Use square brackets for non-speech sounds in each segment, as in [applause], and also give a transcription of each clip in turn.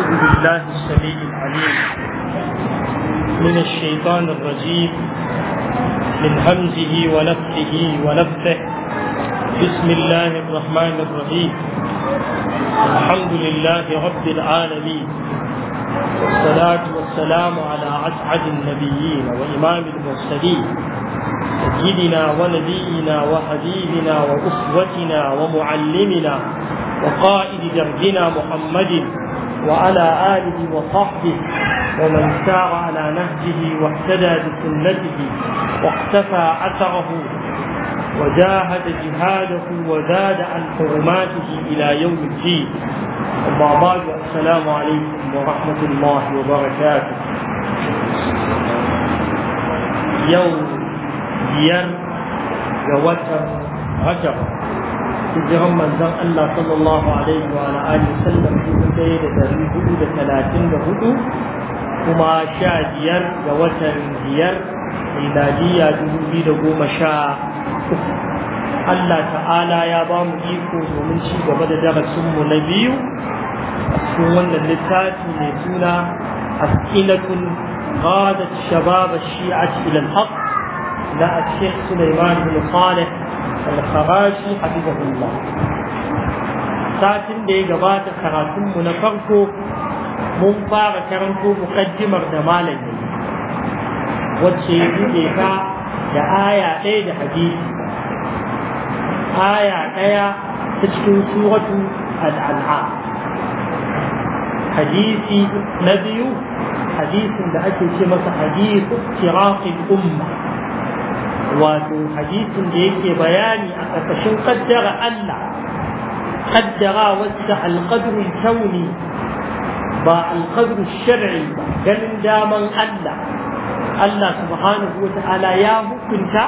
أعوذ بالله السميع العليم من الشيطان الرجيم من همزه ونفثه ونفثه بسم الله الرحمن الرحيم الحمد لله رب العالمين والصلاة والسلام على أسعد النبيين وإمام المرسلين سيدنا ونبينا وحبيبنا وأسوتنا ومعلمنا وقائد دربنا محمد وعلى آله وصحبه ومن سار على نهجه واهتدى بسنته واقتفى أثره وجاهد جهاده وزاد عن حرماته إلى يوم الدين أما بعد السلام عليكم ورحمة الله وبركاته يوم بير ووتر رجب hijiran manzon Allah sallallahu alaihi wa alihi sallam da ɗari da da kuma sha biyar ga watan biyar miladiya dubu da sha Allah ta'ala ya ba mu iko domin ci gaba da mu na biyu a cikin wannan littafi ne suna askinatun غادت شباب الشيعة إلى الحق لا الشيخ سليمان بن صالح al-kharashi satin da ya gabata karatun mu na farko mun fara karanto muqaddimar da malami wacce ya buɗe ka da aya ɗaya da hadisi aya ɗaya ta cikin suratu al hadisi na biyu hadisin da ake ce masa hadisu kiraqil umma wato hadisin da yake bayani a ƙarƙashin kaddara Allah ƙaddara wacce alƙadru kauni ba alƙadru shar'i ba ganin daman Allah Allah subhanahu wa ta'ala ya hukunta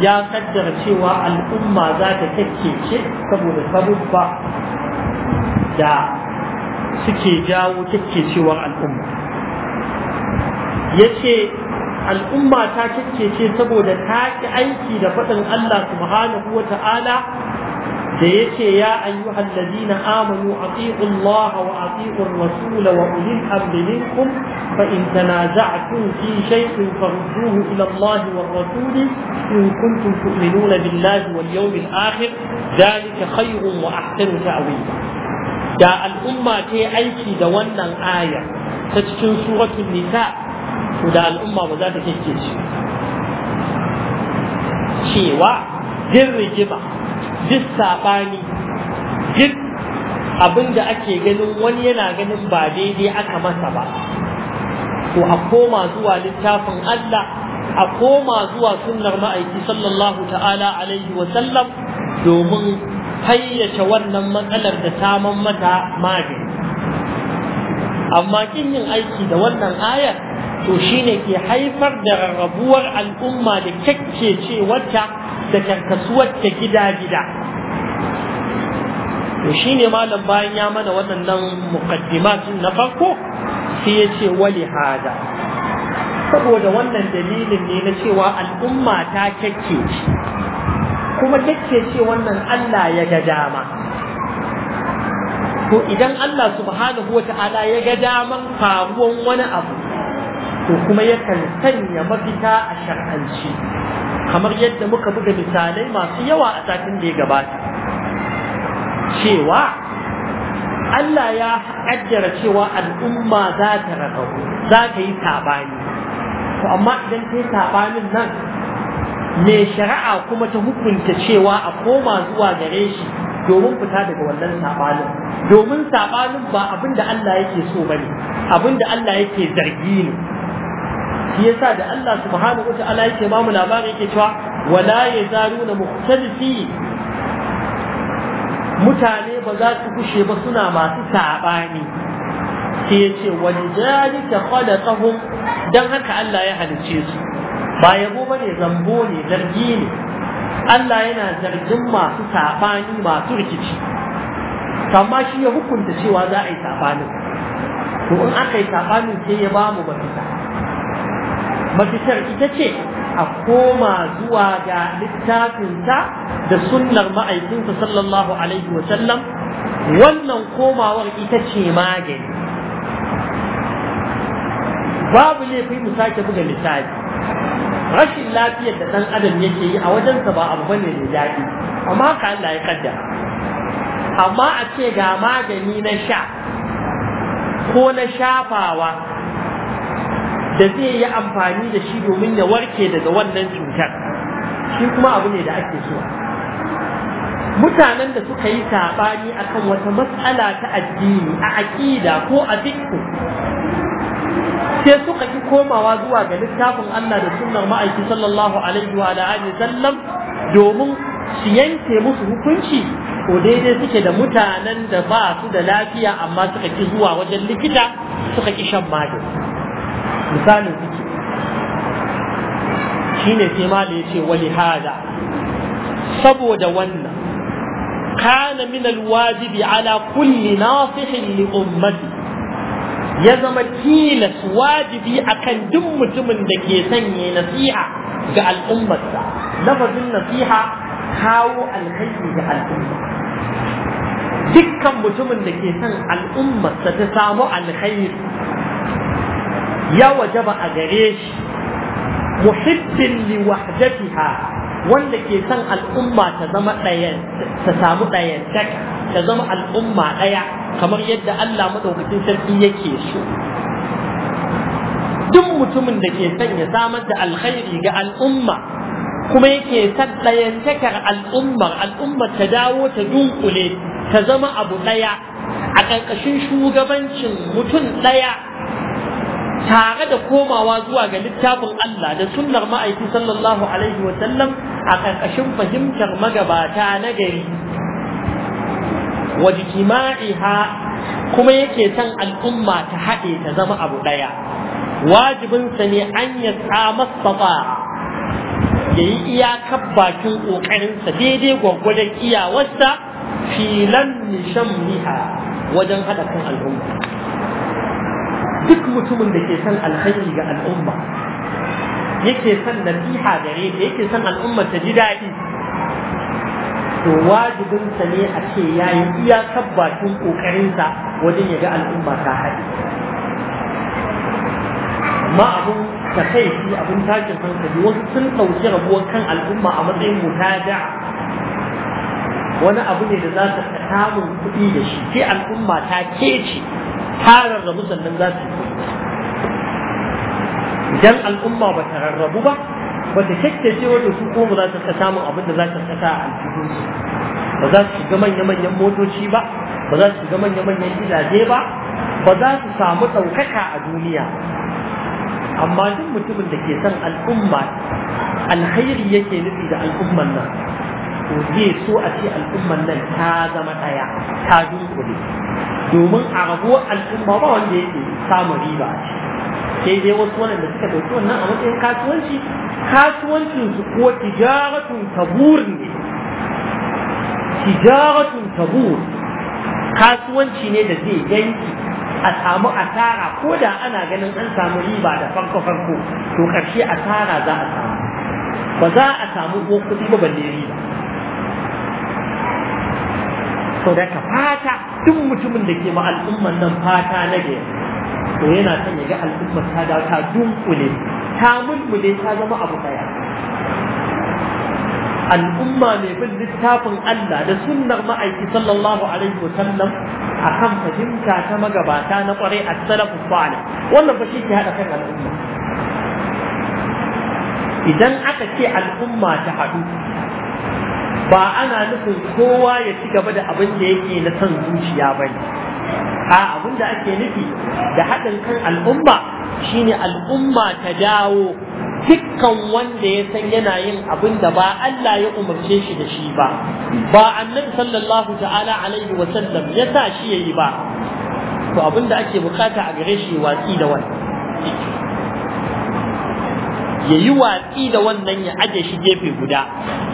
ya kaddara cewa al'umma za ta ce saboda sabubba da suke jawo cewa al'umma yace al'umma ta kyakkece saboda ta ki aiki da faɗin Allah subhanahu wa ta'ala da ce ya ayyuhal ladina amanu atiqu Allah wa atiqu ar-rasul wa ulil amri fa in tanaza'tum fi shay'in farudduhu ila Allah wa ar-rasul in kuntum tu'minuna billahi wal yawmil akhir dhalika khayrun wa ahsanu ta'wila da al'umma ta aiki da wannan aya ta cikin suratul nisa to da al'umma ba za ta kike shi cewa jin rigima duk saɓani jin abin da ake ganin wani yana ganin ba daidai aka masa ba to a koma zuwa littafin Allah a koma zuwa sunnar ma'aiki sallallahu ta'ala alaihi wa sallam domin fayyace wannan matsalar da ta mata magani amma kin yin aiki da wannan ayar to shine ke haifar da rarrabuwar al'umma da kyakkecewarta da karkasuwarta gida-gida to shine malam bayan ya mana waɗannan muqaddimatin na farko sai ya ce wali hada saboda wannan dalilin ne na cewa al'umma ta kyakkece kuma kyakkece wannan Allah ya ga dama to idan Allah subhanahu wa ta'ala ya ga daman faruwan wani abu to kuma yakan sanya mafita a shar'anci kamar yadda muka buga misalai masu yawa a satin da ya gabata cewa Allah ya kaddara cewa al'umma za ta rarrabu za ta yi sabani to amma idan ta yi sabanin nan me shari'a kuma ta hukunta cewa a koma zuwa gare shi domin fita daga wannan sabanin domin sabanin ba abin da Allah yake so bane abin da Allah yake zargi ne shi yasa da Allah subhanahu wata'ala yake ba mu labari yake cewa wala na muhtalisi mutane ba za su kushe ba suna masu sabani sai yace walijalika khalaqahum Don haka Allah ya halicce su ba yabo ba ne zambo ne zargi ne Allah yana zargin masu sabani masu rikici amma shi ya hukunta cewa za a yi sabanin to in aka yi sabanin sai ya ba mu mafita mafitar ita ce a koma zuwa ga littafinta da sunnar ma'aikinsa sallallahu alaihi wa sallam wannan komawar ita ce magani babu laifin mu sake buga littafi rashin lafiyar da ɗan adam yake yi a wajensa ba abu bane mai daɗi amma haka Allah ya kaddara amma a ce ga magani na sha ko na shafawa da zai yi amfani da shi domin ya warke daga wannan cutar shi kuma abu ne da ake so mutanen da suka yi saɓani akan wata matsala ta addini a aƙida ko a fikku sai suka ki komawa zuwa ga littafin Allah da sunnar ma'aiki sallallahu alaihi wa alihi sallam domin su yanke musu hukunci ko daidai suke da mutanen da ba su da lafiya amma suka ki zuwa wajen likita suka ki shan magani misalin suke ne sai mala ya ce hada saboda wannan kana wajibi ana ala kulli nasihin li ummati ya zama tilas wajibi akan duk mutumin da ke sanya nasiha ga al'ummarsa lafazin nasiha kawo alkhairi ga al'umma dukkan mutumin da ke son al'ummarsa ta samu alkhairi ya wajaba a gare shi muhibbin li wanda ke san al'umma ta zama ɗayan ta samu ɗayan ta zama al'umma ɗaya kamar yadda Allah madaukakin sarki yake so duk mutumin da ke son ya samar da alkhairi ga al'umma kuma yake son ɗayantakar al'ummar al'ummar ta dawo ta dunkule ta zama abu ɗaya a ƙarƙashin shugabancin mutum ɗaya tare da komawa zuwa ga littafin Allah da sunnar ma'aiki sallallahu alaihi wa sallam a ƙarƙashin fahimtar magabata na gari wa jima'iha kuma yake son al'umma ta haɗe ta zama abu ɗaya wajibinsa ne an ya tsamar ya yi iyakar bakin ƙoƙarinsa daidai gwaggwajen iyawarsa filan nishan wajen haɗa kan al'umma duk mutumin da ke son alkhairi ga al'umma yake son nasiha gare ta yake son al'umma ta ji daɗi to wajibinsa ne a ce ya yi iyakar bakin ƙoƙarinsa wajen ya ga al'umma ta haɗe amma abin ta kai shi abin tashin hankali wasu sun ɗauki rabuwar kan al'umma a matsayin mutada wani abu ne da za ta samun kuɗi da shi sai al'umma ta kece ta rarrabu sannan za su idan al'umma ba ta rarrabu ba ba ta ce wata su ko za ta samun abin da za ta saka a aljihunsu ba za su shiga manya-manyan motoci ba ba za su shiga manya-manyan gidaje ba ba za su samu ɗaukaka a duniya amma duk mutumin da ke son al'umma alkhairi yake nufi da al'umman nan to zai so a ce al'umman nan ta zama ɗaya ta dunkule domin a rabuwar al'umma ba wanda yake samu riba sai dai wasu wanda suka dauki wannan a matsayin kasuwanci su ko tijaratun tabur ne tijaratun tabur kasuwanci ne da zai yanki a samu asara ko da ana ganin an samu riba da farko farko to karshe asara za a samu ba za a samu ko kuɗi ba balle riba sau da ka fata duk mutumin da ke ma al'ummar nan fata na gari to yana son ya ga al'ummar ta da ta dunkule ta mulmule ta zama abu daya al'umma mai bin littafin Allah da sunnar ma'aiki sallallahu alaihi wa sallam kan fahimta ta magabata na kwarai a salafin salih wannan ba shi ke haɗa kan al'umma idan aka ce al'umma ta haɗu ba ana nufin kowa ya ci gaba da abin da yake na son zuciya ba ne a abin da ake nufi da haɗin kan al'umma shine al'umma ta dawo dukkan wanda ya san yana yin abin da ba Allah ya umarce shi da shi ba ba annabi sallallahu ta'ala alaihi wa sallam ya sa shi yayi ba to abin da ake bukata a gare shi watsi da wani ya yi watsi da wannan ya aje shi gefe guda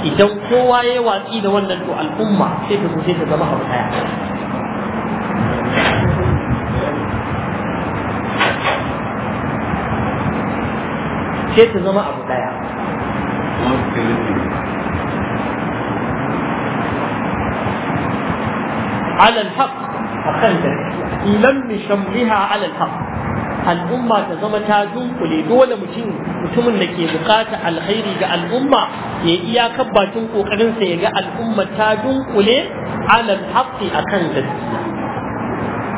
idan kowa ya yi watsi da wannan to al'umma sai ta zo sai ta zama abu daya sai ta zama abu daya على الحق أخذت لم شملها Alal Haq. al'umma ta zama ta dunkule dole mutum mutumin da ke bukata alkhairi ga al'umma ya iya bakin kokarin sa ya ga al'umma ta dunkule alal a akan gaskiya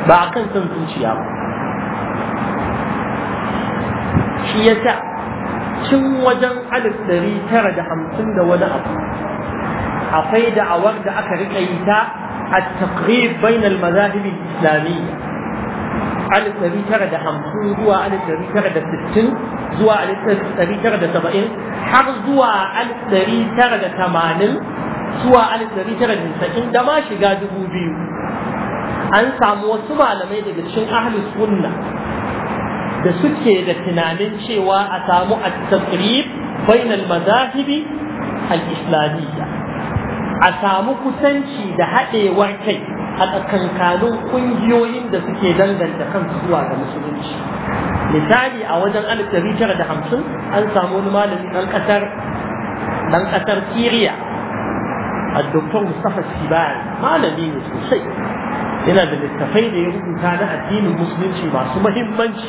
ba kan son zuciya ba shi yasa tun wajen alif ɗari tara da hamsin da wani abu akwai da'awar da aka riƙa yi ta a taqrib bainal mazahibin islamiyya alif ɗari tara da hamsin zuwa alif ɗari tara da sittin zuwa alif ɗari tara da saba'in har zuwa alif ɗari tara da tamanin zuwa alif ɗari tara da sittin da ma shiga dubu biyu an samu wasu malamai daga cikin ahli sunna da suke da tunanin cewa a samu at-taqrib bainal madahibi al-islamiyya a samu kusanci da haɗewar kai a tsakankanin ƙungiyoyin da suke danganta kansu zuwa ga musulunci misali a wajen 1950 an samu wani malami ɗan ƙasar ɗan siriya a doktor mustapha sibari malami ne sosai yana da littafai da ya rubuta na addinin musulunci masu mahimmanci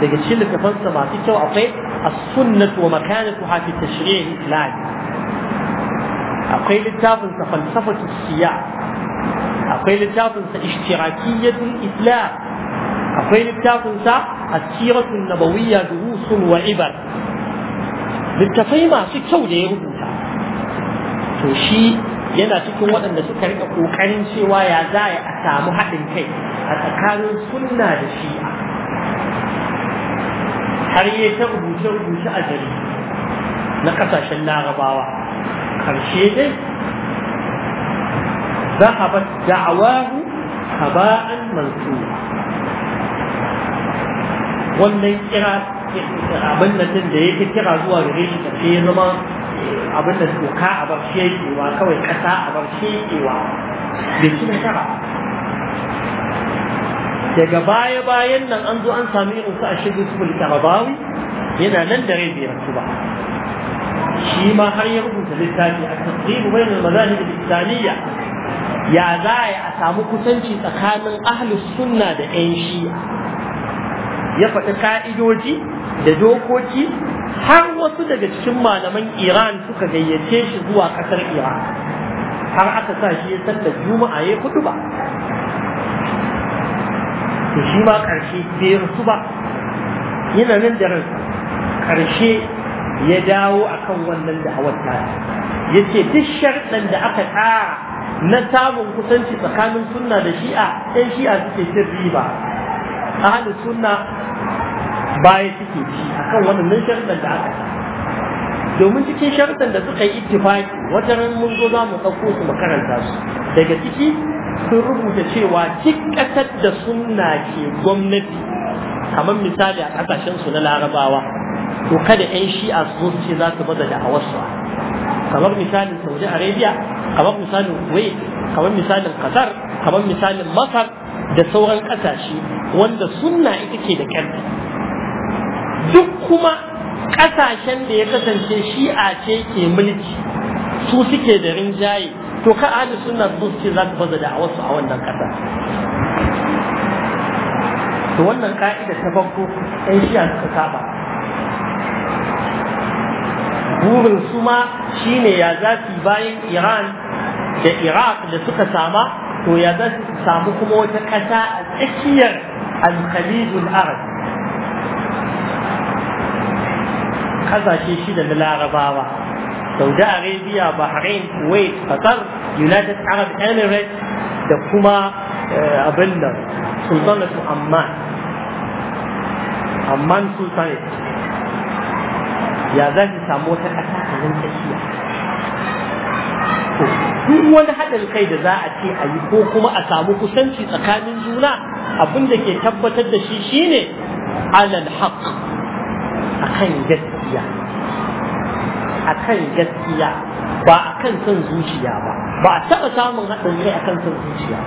daga cikin littafansa masu kyau akwai as-sunnah wa makanatu hafi tashri'il islam akwai littafin sa falsafatu siya akwai littafin sa ishtirakiyyatul islam akwai littafinsa sa asiratun nabawiyya durusun wa ibar littafai masu kyau da ya rubuta to shi yana cikin waɗanda suka rika ƙoƙarin cewa ya za a samu haɗin kai a tsakanin sunna da shi'a har yi ta rubuce-rubuce a jari na ƙasashen larabawa ƙarshe dai zahabat da'awahu haba'an mansura wannan kira abin da din da yake kira zuwa gare shi karshe ya zama eh, abin da doka a barshe yakewa kawai kasa a barshe yakewa bai ci nasara daga baya-bayan nan an zo an sami irin su a shirin su rabawi, yana nan da rai biyar su ba shi ma har ya rubuta littafi a tasiri bayan da islamiyya ya za a samu kusanci tsakanin ahlus sunna da 'yan shi'a ya faɗi ka'idoji da dokoki har wasu daga cikin malaman iran suka gayyace shi zuwa ƙasar iran har aka sa shi ya da juma'a ya kudu ba to shi ma ƙarshe bai rasu ba yana nan da ransa ƙarshe ya dawo akan wannan da ta ya ce duk sharɗan da aka tsara na samun kusanci tsakanin sunna da shi'a ɗan shi'a suke cin riba hannun sunna baya suke ci kan waɗannan sharuɗan da aka domin cikin shartan da suka yi ittifaki wata ran mun zo za mu ɗauko su mu su daga ciki sun rubuta cewa cik ƙasar da sunna ke gwamnati kamar misali a ƙasashen su na larabawa to kada 'yan shi'a su ce za su bada da a kamar misalin saudi arabia kamar misalin kuwait kamar misalin kasar kamar misalin masar da sauran ƙasashe wanda sunna ita ke da ƙarfi duk kuma ƙasashen da ya kasance shi'a ce ke mulki su suke da rinjaye to ka ahli sunna su ce za su baza wasu a wannan ƙasa to wannan ka'ida ta farko ɗan shi'a suka saba burin su ma shine ya zafi bayan iran da iraq da suka sama to ya za su samu kuma wata ƙasa a tsakiyar alkhalidul arab ƙasashe shida da larabawa saudi arabia bahrain kuwait qatar united arab emirates da kuma eh, abin da Su amman amman sultanate ya za su samu wata ƙasa a nan tsakiya to duk wani haɗin kai da za a ce a yi ko kuma a samu kusanci tsakanin juna abin da ke tabbatar da shi shine alal haq akan gaskiya akan gaskiya ba akan son zuciya ba ba a taɓa samun haɗin kai akan son zuciya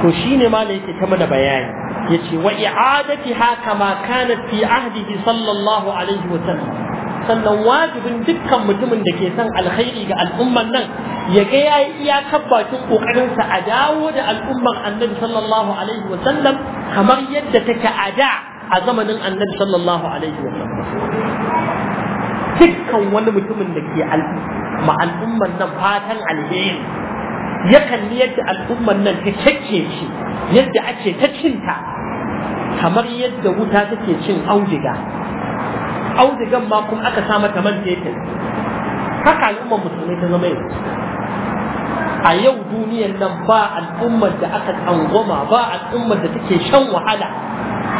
to shine ma da yake ta mana bayani yace wa i'adati haka ma kanat fi ahdihi sallallahu alaihi wa sallam sannan wajibin dukkan mutumin da ke son alkhairi ga al'umman nan ya ga yayi iyakar bakin kokarinsa a dawo da al'umman annabi sallallahu alaihi wa sallam kamar yadda take a da a zamanin annabi sallallahu alaihi wa sallam dukkan wani mutumin da ke ma al'umman nan fatan alheri yakan yadda al'umman nan ta cece shi yadda ake ta cinta kamar yadda wuta take cin auduga audugan ma kuma aka sa mata man fetur haka al'ummar musulmi ta zama yau a yau duniyar nan ba al'ummar da aka tsangwama ba al'ummar da take shan wahala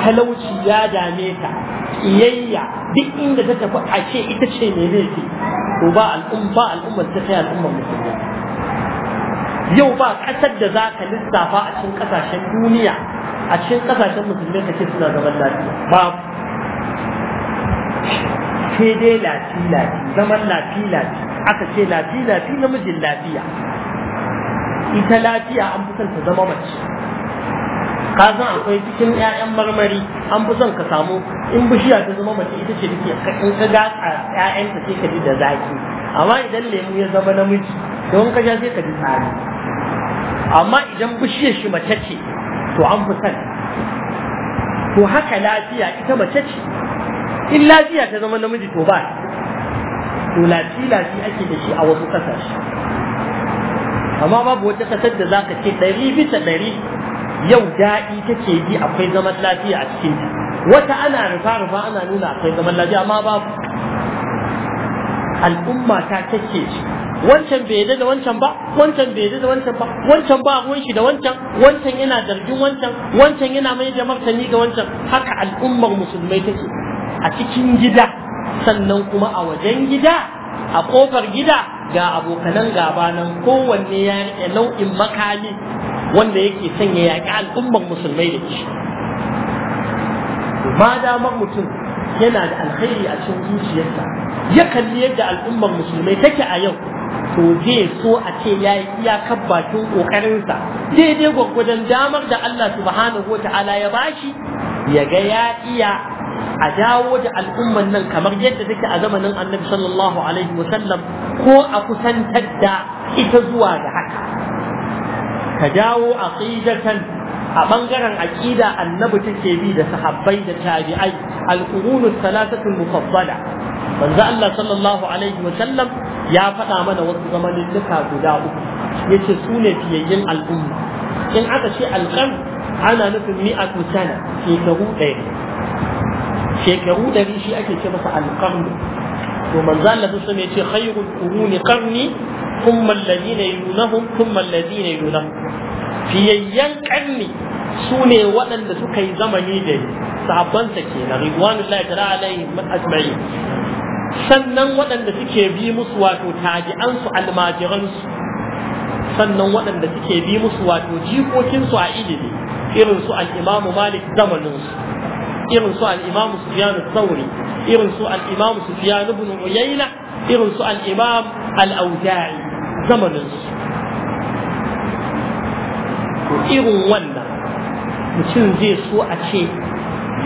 talauci ya dame ta iyayya duk inda ta tafi a ce ita ce mai laifi to ba al'ummar ta kai al'ummar musulmi. yau ba ƙasar da za ka lissafa a cikin ƙasashen duniya a cikin ƙasashen musulmi ka ce suna zaman lafiya babu sai dai lafi-lafi, zaman lafi-lafi, aka ce lafi-lafi, namijin lafiya ita lafiya an fi son ta zama mace ka san akwai cikin 'ya'yan marmari an fi son ka samu in bishiya ta zama mace ita ce take in ka gatsa 'ya'yanta sai ka ji da zaki amma idan lemu ya zama namiji don ka sha sai ka ji tsari amma idan bishiyar shi mace ce to an fi son to haka lafiya ita mace ce in lafiya ta zama namiji to ba to lafi lafi ake da shi a wasu ƙasashe. amma babu wata kasar da ka ce ɗari bisa ɗari yau daɗi take ji akwai zaman lafiya a cikin wata ana rufa rufa ana nuna akwai zaman lafiya amma babu al'umma ta take ci wancan bai yadda da wancan ba wancan bai yadda da wancan ba wancan ba ruwan shi da wancan wancan yana zargin wancan wancan yana mai da martani ga wancan haka al'ummar musulmai take a cikin gida sannan kuma a wajen gida a kofar gida ga abokanan gaba nan kowanne ya riƙe nau'in makami wanda yake sanya yaƙi al'ummar musulmai da shi ma damar mutum yana da alkhairi a cikin zuciyarsa ya kalli yadda al'ummar musulmai take a yau to zai so a ce ya yi iyakar bakin ƙoƙarinsa daidai gwaggwadon damar da Allah subhanahu wa ta'ala ya bashi ya ga ya iya a dawo da al'umman nan kamar yadda take a zamanin annabi sallallahu alaihi wasallam ko a kusantar da ita zuwa ga haka ka dawo a ƙidatan a bangaren aqida annabi take bi da sahabbai da tabi'ai al-qurun thalathatul mufaddala manzo Allah sallallahu alaihi ya faɗa mana wasu zamanin duka guda uku yace su ne fiyayyin al'umma in aka ce alqan ana nufin mi'atu sana shekaru ɗaya shekaru ɗari shi ake ce masa alƙarni to manzo Allah sun ya ce khairul quruni qarni thumma alladhina yunahum thumma alladhina yunahum fiyayyan ƙarni sune waɗanda suka yi zamani da sahabbansa ke na ridwanullahi ta'ala alaihi ajma'in sannan waɗanda suke bi musu wato tabi'ansu almajiransu sannan waɗanda suke bi musu wato jikokinsu a ilimi irin su al-imamu malik zamaninsu irin su Al'imamu imam Sufyan al irin su Al'imamu imam Sufyan ibn Uyayna irin su al-Imam al zamanin su irin wannan mutum zai so a ce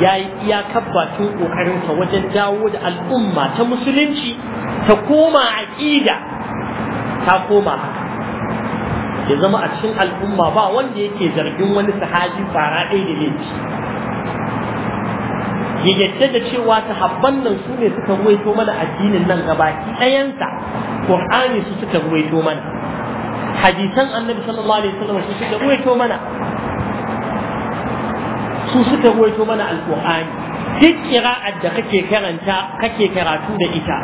ya yi iyakar bakin ƙoƙarinsa wajen dawo da al'umma ta musulunci ta koma aƙida ta koma ya zama a cikin al'umma ba wanda yake zargin wani sahaji fara ɗaya da laifi ya yadda da cewa sahabban nan su ne suka ruwaito mana addinin nan gabaki ɗayansa ƙur'ani su suka ruwaito mana hadisan annabi sallallahu alaihi wasallam su suka ruwaito mana su suka ruwaito mana alƙur'ani. duk qira'ar da kake karanta kake karatu da ita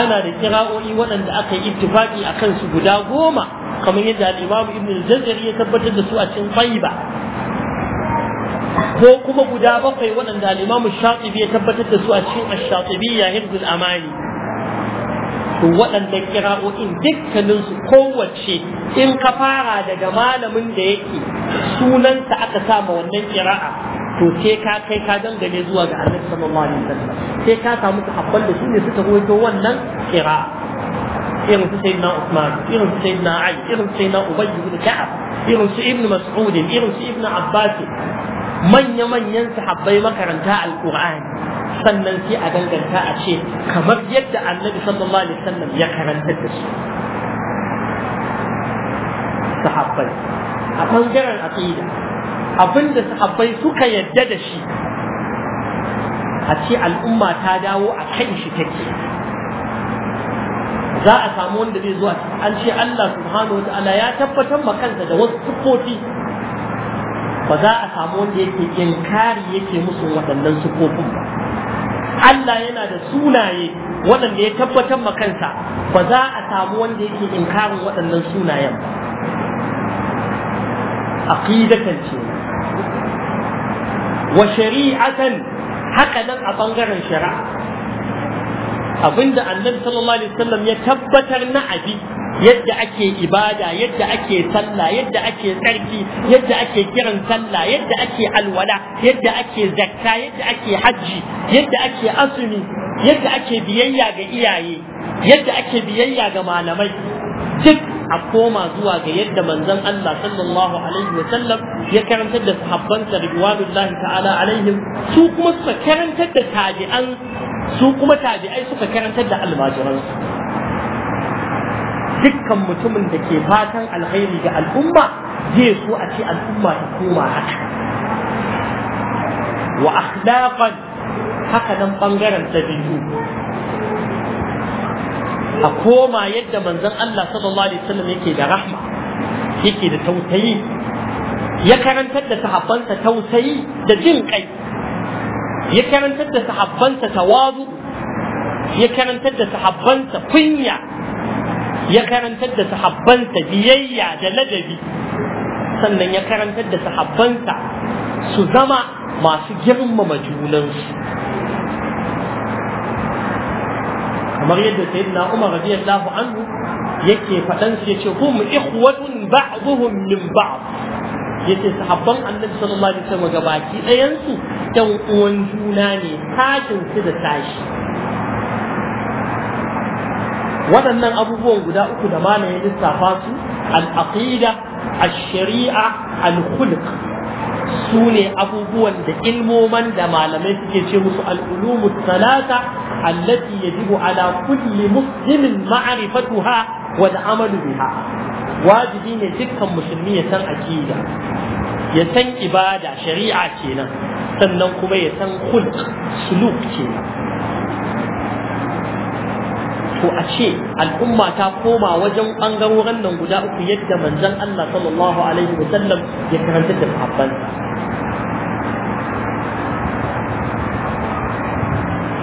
ana da kira'o'i waɗanda aka yi ittifaqi akan su guda goma kamar yadda al-Imam Ibn al-Jazari ya tabbatar da su a cikin faiba. ko kuma guda bakwai waɗanda al'imamu shatibi ya tabbatar da su a cikin ash-shatibi ya hibzul amani to waɗannan kira'o'in dukkaninsu kowace in ka fara daga malamin da yake sunansa aka sama wannan kira'a to sai ka kai ka dangane zuwa ga annabi sallallahu alaihi wasallam sai ka samu sahabban da shine suka rawaito wannan kira'a irin su sayyidina Usman irin su sayyidina Ali irin su sayyidina Ubay ibn Ka'ab irin su Ibn Mas'ud irin su Ibn Abbas manya-manyan sahabbai makaranta alkur'ani sannan sai a danganta a ce kamar yadda annabi sallallahu alaihi wasallam ya karanta da su sahabbai a bangaren aqida abinda sahabbai suka yadda da shi a ce al'umma ta dawo a kan shi take za a samu wanda zai zuwa an ce Allah subhanahu wa ta'ala ya tabbatar ma kansa da wasu sufofi ba za a samu wanda yake inkari yake musu waɗannan sufofin ba Allah yana da sunaye waɗanda ya tabbatar ma kansa ba za a samu wanda yake inkarin waɗannan sunayen ba aqidatan ce wa shari'atan haka nan a ɓangaren shari'a abinda annabi sallallahu alaihi wasallam ya tabbatar na abi yadda ake ibada yadda ake sallah yadda ake tsarki yadda ake kiran sallah yadda ake alwala yadda ake zakka yadda ake hajji yadda ake asumi, yadda ake biyayya ga iyaye yadda ake biyayya ga malamai duk a koma zuwa ga yadda manzon Allah sallallahu alaihi wa sallam ya karantar da sahabbansa ridwanullahi ta'ala alaihim su kuma suka karantar da tabi'an su kuma tabi'ai suka karantar da almajiransu dukkan mutumin da ke fatan alkhairi ga al'umma zai so a ce al'umma ta koma haka wa akhlaqan haka nan bangaren dabi'u a koma yadda manzon Allah sallallahu alaihi wasallam yake da rahma yake da tausayi ya karantar da sahabbansa tausayi da jin kai ya karantar da sahabbansa tawazu ya karantar da sahabbansa kunya ya karantar da sahabbansa biyayya da ladabi sannan ya karantar da sahabbansa su zama masu girmama junansu kamar yadda sayyidina Umar radiyallahu anhu yake faɗan su yace hum ikhwatun ba'dhum min ba'd yace sahabban annabi sallallahu alaihi wasallam gabaki ɗayan su uwan juna ne tashin su da tashi waɗannan abubuwan guda uku da mana ya lissafa su al-aqida al-shari'a al-khulq su ne abubuwan da ilmoman da malamai suke ce musu al-ulumu talata allati yajibu ala kulli muslimin ma'rifatuha wa amalu biha wajibi ne dukkan musulmi ya san aqida ya san ibada shari'a kenan sannan kuma ya san khulq suluk kenan to a ce al'umma ta koma wajen ɓangarorin nan guda uku yadda manzon Allah sallallahu alaihi wa sallam ya karanta da sahabbansa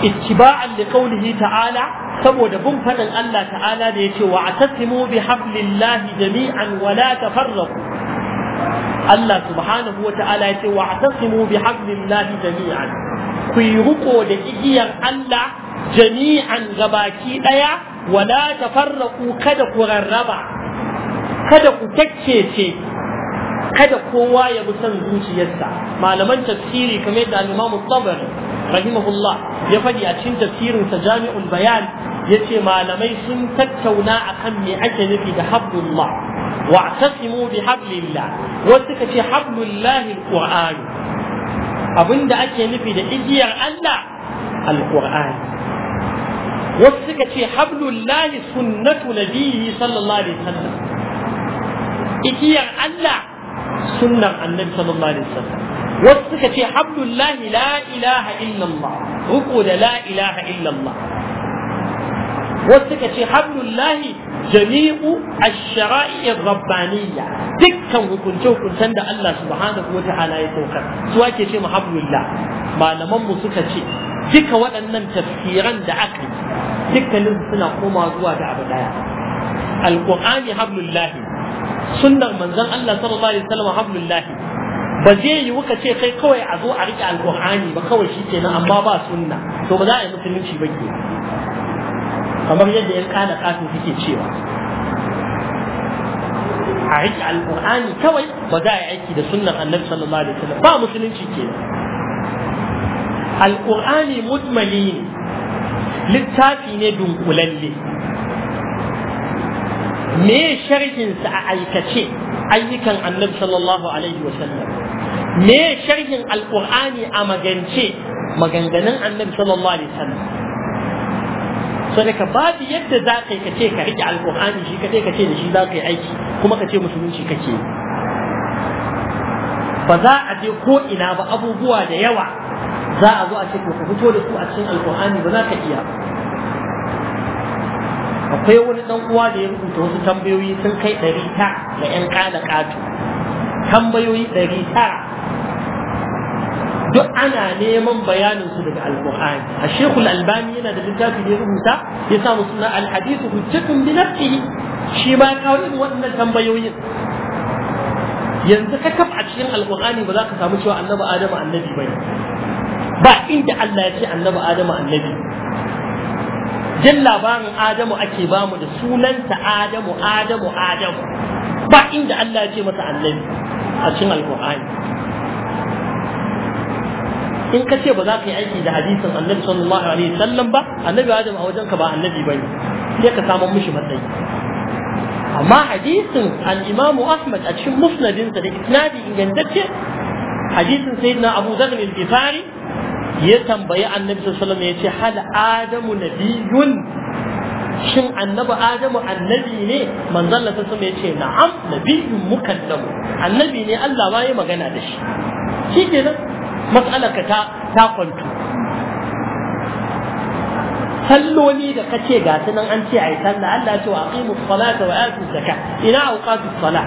ittiba'an da qawlihi ta'ala saboda bin fadin Allah ta'ala da ya ce wa atasimu bi hablillahi jami'an wa la tafarraqu Allah subhanahu wa ta'ala ya ce wa atasimu bi hablillahi jami'an ku yi riko da igiyar Allah jami'an gabaki ɗaya wala tafarraqu kada ku rarraba kada ku takkece kada kowa ya bi son zuciyarsa malaman tafsiri kamar da al-Imam rahimahullah ya faɗi a cikin tafsirin sa Jami'ul Bayan yace malamai sun tattauna akan me ake nufi da hablullah wa'tasimu bi hablillah wasu ka ce hablullahi al-Qur'an abinda ake nufi da igiyar Allah al-Qur'an wasu suka ce hablullahi sunnatu nabiyyi sallallahu alaihi wasallam ikiyar Allah sunnar annabi sallallahu alaihi wasallam wasu suka ce hablullahi la ilaha illallah ruku da la ilaha illallah wasu suka ce hablullahi jami'u ash-shara'i rabbaniyya dukkan hukunce hukuncen da Allah subhanahu wa ta'ala ya saukar su ake ce mu hablullah malaman mu suka ce duka waɗannan tafsiran da aka yi dukkanin suna koma zuwa da abu daya alqur'ani hablullahi sunnar manzon Allah sallallahu alaihi wasallam hablullahi ba zai yi wuka ce kai kawai a zo a riƙe alƙur'ani ba kawai shi kenan amma ba sunna to ba za a yi musulunci ba ke kamar yadda ya kana kato suke cewa a riƙe alƙur'ani kawai ba za a yi aiki da sunan annabi sallallahu alaihi wasallam ba musulunci kenan alƙur'ani mutmali ne littafi ne dunkulalle me sharhinsa a aikace ayyukan annabi sallallahu alaihi wasallam me sharhin alƙur'ani a magance maganganun annabi sallallahu alaihi wasallam ka babu yadda za ka yi ka ce ka riƙe alƙur'ani shi ka ce ka ce da shi za ka yi aiki kuma ka ce musulunci kake ba za a je ko ina ba abubuwa da yawa za a zo a ce ka fito da su a cikin alƙur'ani ba za ka iya akwai wani dan uwa da ya rubuta wasu tambayoyi sun kai ɗari ta ga 'yan ƙala ƙato tambayoyi ɗari ta duk ana neman bayanin su daga alqur'ani a shekul albani yana da littafi da ya rubuta ya samu suna alhadithu hujjatun bi nafsihi shi ma kawo irin waɗannan tambayoyin yanzu ka kafa a cikin alqur'ani ba za ka samu cewa annabi adamu annabi bane ba inda Allah ya ce annabi adamu annabi jin labarin adamu ake bamu da sunanta adamu adamu adamu ba inda Allah ya ce masa annabi a cikin alqur'ani in ka ce ba za ka yi aiki da hadisin annabi sallallahu alaihi wasallam ba annabi adam a wajenka ba annabi bane sai ka samu mishi matsayi amma hadisin al-imamu ahmad a cikin musnadinsa da isnadi ingantacce hadisin sayyidina abu dharr al-ghifari ya tambayi annabi sallallahu alaihi wasallam ya ce hal adamu nabiyyun shin annabi adamu annabi ne manzon Allah sallallahu alaihi wasallam ya ce na'am nabiyyun mukallam annabi ne Allah ba ya magana da shi shikenan matsalarka ta ta kwantu salloli da kace ga su nan an ce ai sallah Allah ya ce wa aqimu salata wa atu zaka ina awqatu salah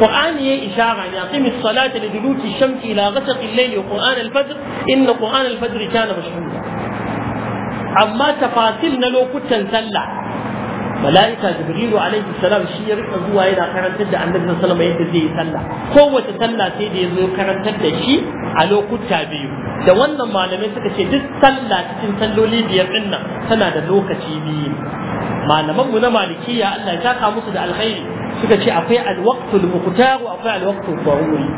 qur'ani ya ishara ya aqimu salata li duluki shamsi ila ghasaqi al-layl wa qur'an al-fajr inna qur'an al amma tafasil na lokutan sallah mala'ika jibrilu alaihi salam shi ya rika zuwa yana karantar da annabi sallallahu alaihi wasallam yadda zai yi sallah kowace sallah sai da ya zo karantar da shi a lokuta biyu da wannan malamai suka ce duk sallah cikin salloli biyar din nan tana da lokaci biyu malaman mu na malikiya Allah ya taka musu da alkhairi suka ce akwai alwaqtul muqtaru akwai alwaqtul daruri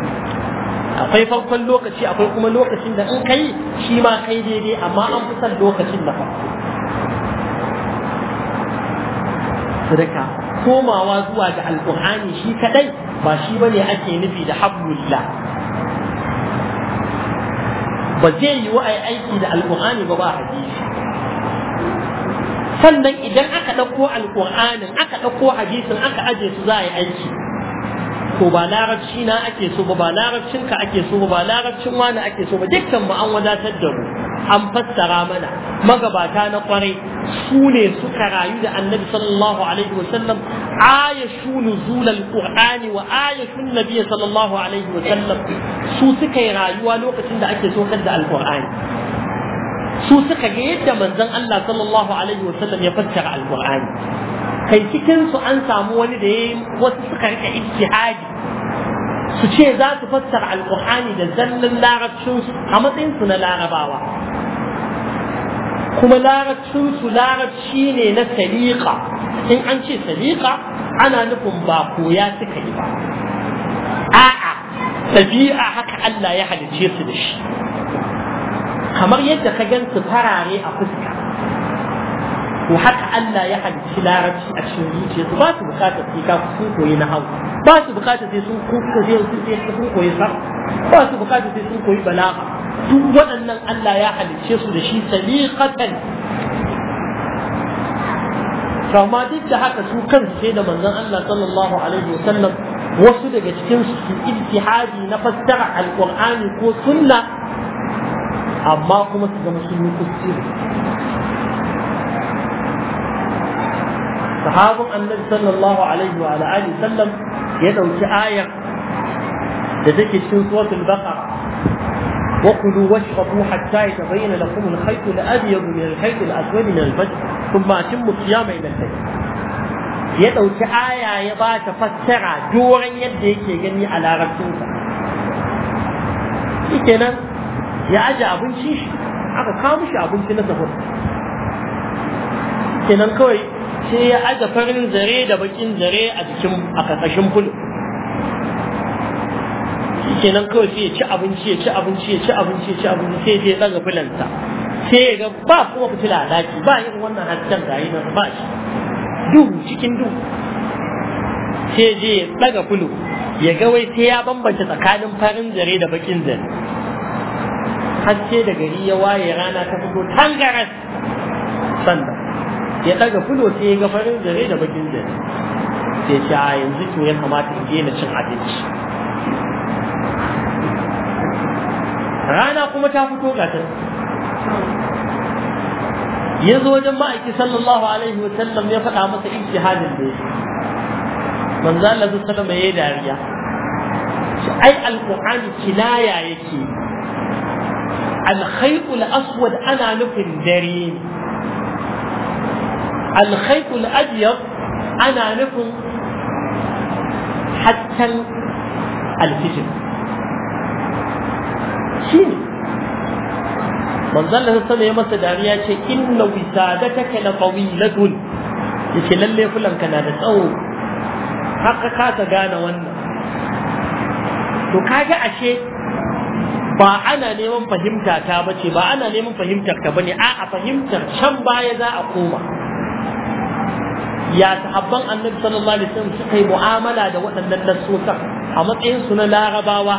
akwai farkon lokaci akwai kuma lokacin da in kai shi ma kai daidai amma an fi son lokacin da farko shirka komawa zuwa ga alƙur'ani shi kadai ba shi ne ake nufi da hablullah ba zai yi wa aiki da alƙur'ani ba ba hadisi sannan idan aka ɗauko Alƙur'ani, aka ɗauko hadisin aka aje su za a yi aiki Ko ba larabci na ake so ba ba larabcin ake so ba ba larabcin wani ake so ba dukkan mu an wadatar da mu an fassara mana magabata na kwarai su ne suka rayu da annabi sallallahu alaihi wasallam ayashu nuzul alqur'ani wa ayashu nabi sallallahu alaihi wasallam su suka yi rayuwa lokacin da ake sokar da alqur'ani su suka ga yadda manzon Allah sallallahu alaihi wa sallam ya fassara alqur'ani kai cikin su an samu wani da yayi wasu suka rika ijtihadi su ce za su fassara alkur'ani da zallan larabcinsu a matsayinsu na larabawa kuma larabcinsu larabci ne na saliƙa in an ce saliƙa ana nufin ba koya suka yi ba a'a ɗabi'a haka Allah ya halicce su da shi kamar yadda ka gan su farare a fuska to haka Allah ya halicci larabci a cikin zuciya su ba su bukatar sai ka sun koyi na hau ba su bukatar sai sun koyi sai sun koyi sa ba su bukatar sai sun koyi bala'a duk waɗannan Allah ya halicce su da shi saliqatan amma duk da haka su kansu sai da manzon Allah sallallahu alaihi wasallam wasu daga cikin su ijtihadi na fassara alqur'ani ko sunna amma kuma su zama sun yi kuskure sahabin annabi sallallahu alaihi wa alihi sallam ya dauki ayar da take cikin suratul baqara wa kulu washrabu hatta yatabayyana lakum al-khayt al-abyad min al-khayt al-aswad min al-fajr thumma atimmu siyama ila al-layl ya dauki aya ya ba ta fassara doran yadda yake gani a larabcinsa shikenan ya aje abincin shi aka kawo shi abinci na sahur kenan kawai sai ya aza farin zare da bakin zare a cikin a ƙarƙashin Kulu. kenan kawai sai ya ci abinci ya ci abinci ya ci abinci ya ci abinci sai ya tsaga filansa sai ya ga ba kuma fitila a daki ba yin wannan hasken gayi nan ba shi duhu cikin duhu sai je ya ɗaga Kulu ya ga wai sai ya bambanta tsakanin farin zare da bakin zare haske da gari ya waye rana ta fito tangaras sannan ya daga fulo sai ya ga farin dare da bakin dare sai ce a yanzu to ya kamata in daina cin abinci rana kuma ta fito ga ta ya zo wajen ma'aiki sallallahu alaihi wa sallam ya faɗa masa ijtihadin da yake manzo Allah sallallahu alaihi ya dariya shi ai alqur'ani kinaya yake alkhaytul aswad ana nufin dare alkhaitul abyad ana nufin hattan alfijir shi ne manzon da ya masa dariya ce inna na la tawilatun yace lalle fulanka na da tsawo haka ka ta gane wannan to kaga ashe ba ana neman fahimta ta bace ba ana neman fahimtar ka bane a a fahimtar can baya za a koma ya sahabban annabi sallallahu alaihi wasallam suka yi mu'amala da waɗannan nassosan a matsayin su na larabawa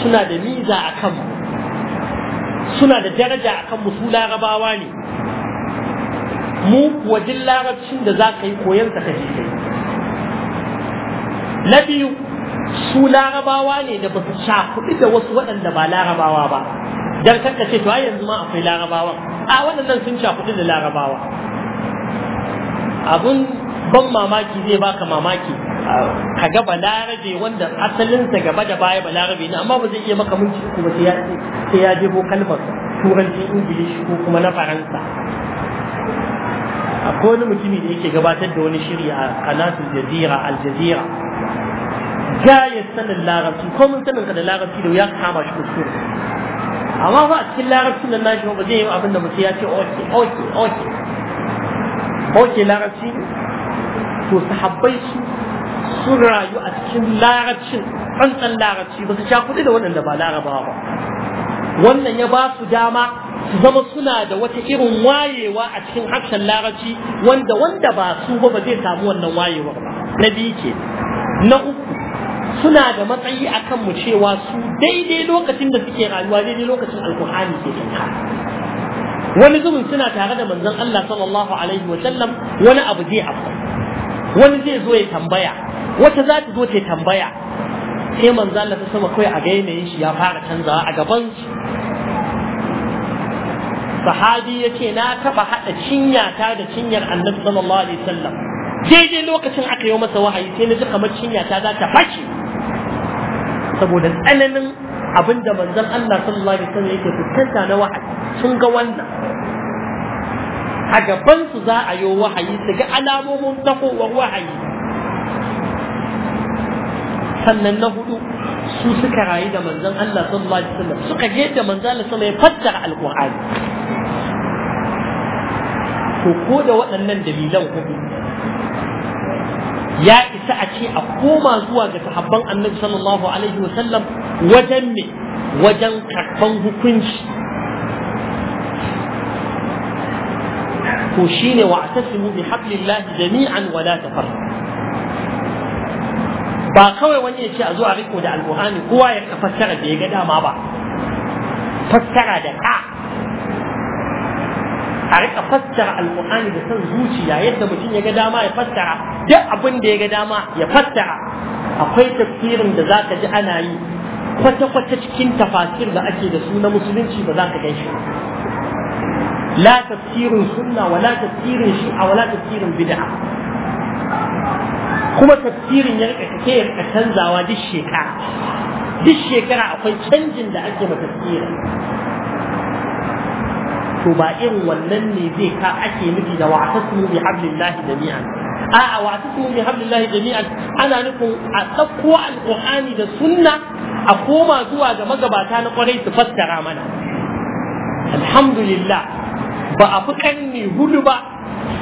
suna da miza a kan suna da daraja a kan su larabawa ne mu wajen larabcin da za ka yi koyon ka kaje kai na biyu su larabawa ne da ba su shafuɗi da wasu waɗanda ba larabawa ba dan kakka ce to ai yanzu ma akwai larabawa a waɗannan sun shafuɗi da larabawa abun ban mamaki zai baka mamaki ka ga balarabe wanda asalinsa gaba da baya balarabe ne amma ba zai iya maka minci kuma sai ya jebo kalmar turanci ingilishi ko kuma na faransa akwai wani mutumi da yake gabatar da wani shiri a kanatul jazira al jazira ya sanin larabci ko mun sanin ka da larabci da ya kama shi ko amma ba a cikin larabcin nan nashi ba zai yi abin da mutum ya ce oke oke oke ko ke larabci to sahabbai su sun rayu a cikin larabcin tsantsan larabci ba su sha kuɗi da waɗanda ba larabawa ba wannan ya ba su dama su zama suna da wata irin wayewa a cikin harshen larabci wanda wanda ba su ba ba zai samu wannan wayewar ba na biyu ke na uku suna da matsayi akan mu cewa su daidai lokacin da suke rayuwa daidai lokacin alkur'ani ke kinka wani zubin suna tare da manzon Allah sallallahu alaihi wa sallam wani abu zai abu wani zai zo ya tambaya wata za ta zo ta tambaya sai manzon Allah ta sama kai a ga yanayin shi ya fara canzawa a gaban shi sahabi yace na taba hada cinya ta da cinyar annabi sallallahu alaihi wa daidai lokacin aka yi masa wahayi sai na ji kamar cinya ta za ta fashe saboda tsananin abinda manzon Allah sallallahu alaihi wasallam yake fuskanta na wahayi sun ga wannan a gaban su za a yi wahayi su ga alamomin takowar wahayi sannan na hudu su suka rayu da manzon Allah sallallahu alaihi wasallam suka je da manzon Allah sallallahu alaihi wasallam ya fassara alqur'ani to ko da waɗannan dalilan hudu ya isa a ce a koma zuwa ga sahabban annabi sallallahu alaihi wasallam wajen ne wajen karɓan hukunci ko shine wa atasimu bi hablillahi jami'an wa ta tafarraqu ba kawai wani ya ce a zo a riko da alƙur'ani kowa ya fassara da ya ga dama ba fassara da ka a rika fassara alƙur'ani da san zuciya yadda mutum ya ga dama ya fassara duk abin da ya ga dama ya fassara akwai tafsirin da zaka ji ana yi kwata-kwata cikin tafasir da ake da su musulunci ba za ka gan shi la tafsirin sunna wa la tafsirin shi a wa la tafsirin bid'a kuma tafsirin ya rika kake ya rika canzawa duk shekara duk shekara akwai canjin da ake ma tafsirin to ba irin wannan ne zai ka ake nufi da wa'tasmu bi hablillahi jami'an a'a wa'tasmu bi hablillahi jami'an ana nufin a tsakko alqur'ani da sunna a koma zuwa ga magabata na kwarai su fassara mana alhamdulillah ba a fi karni hudu ba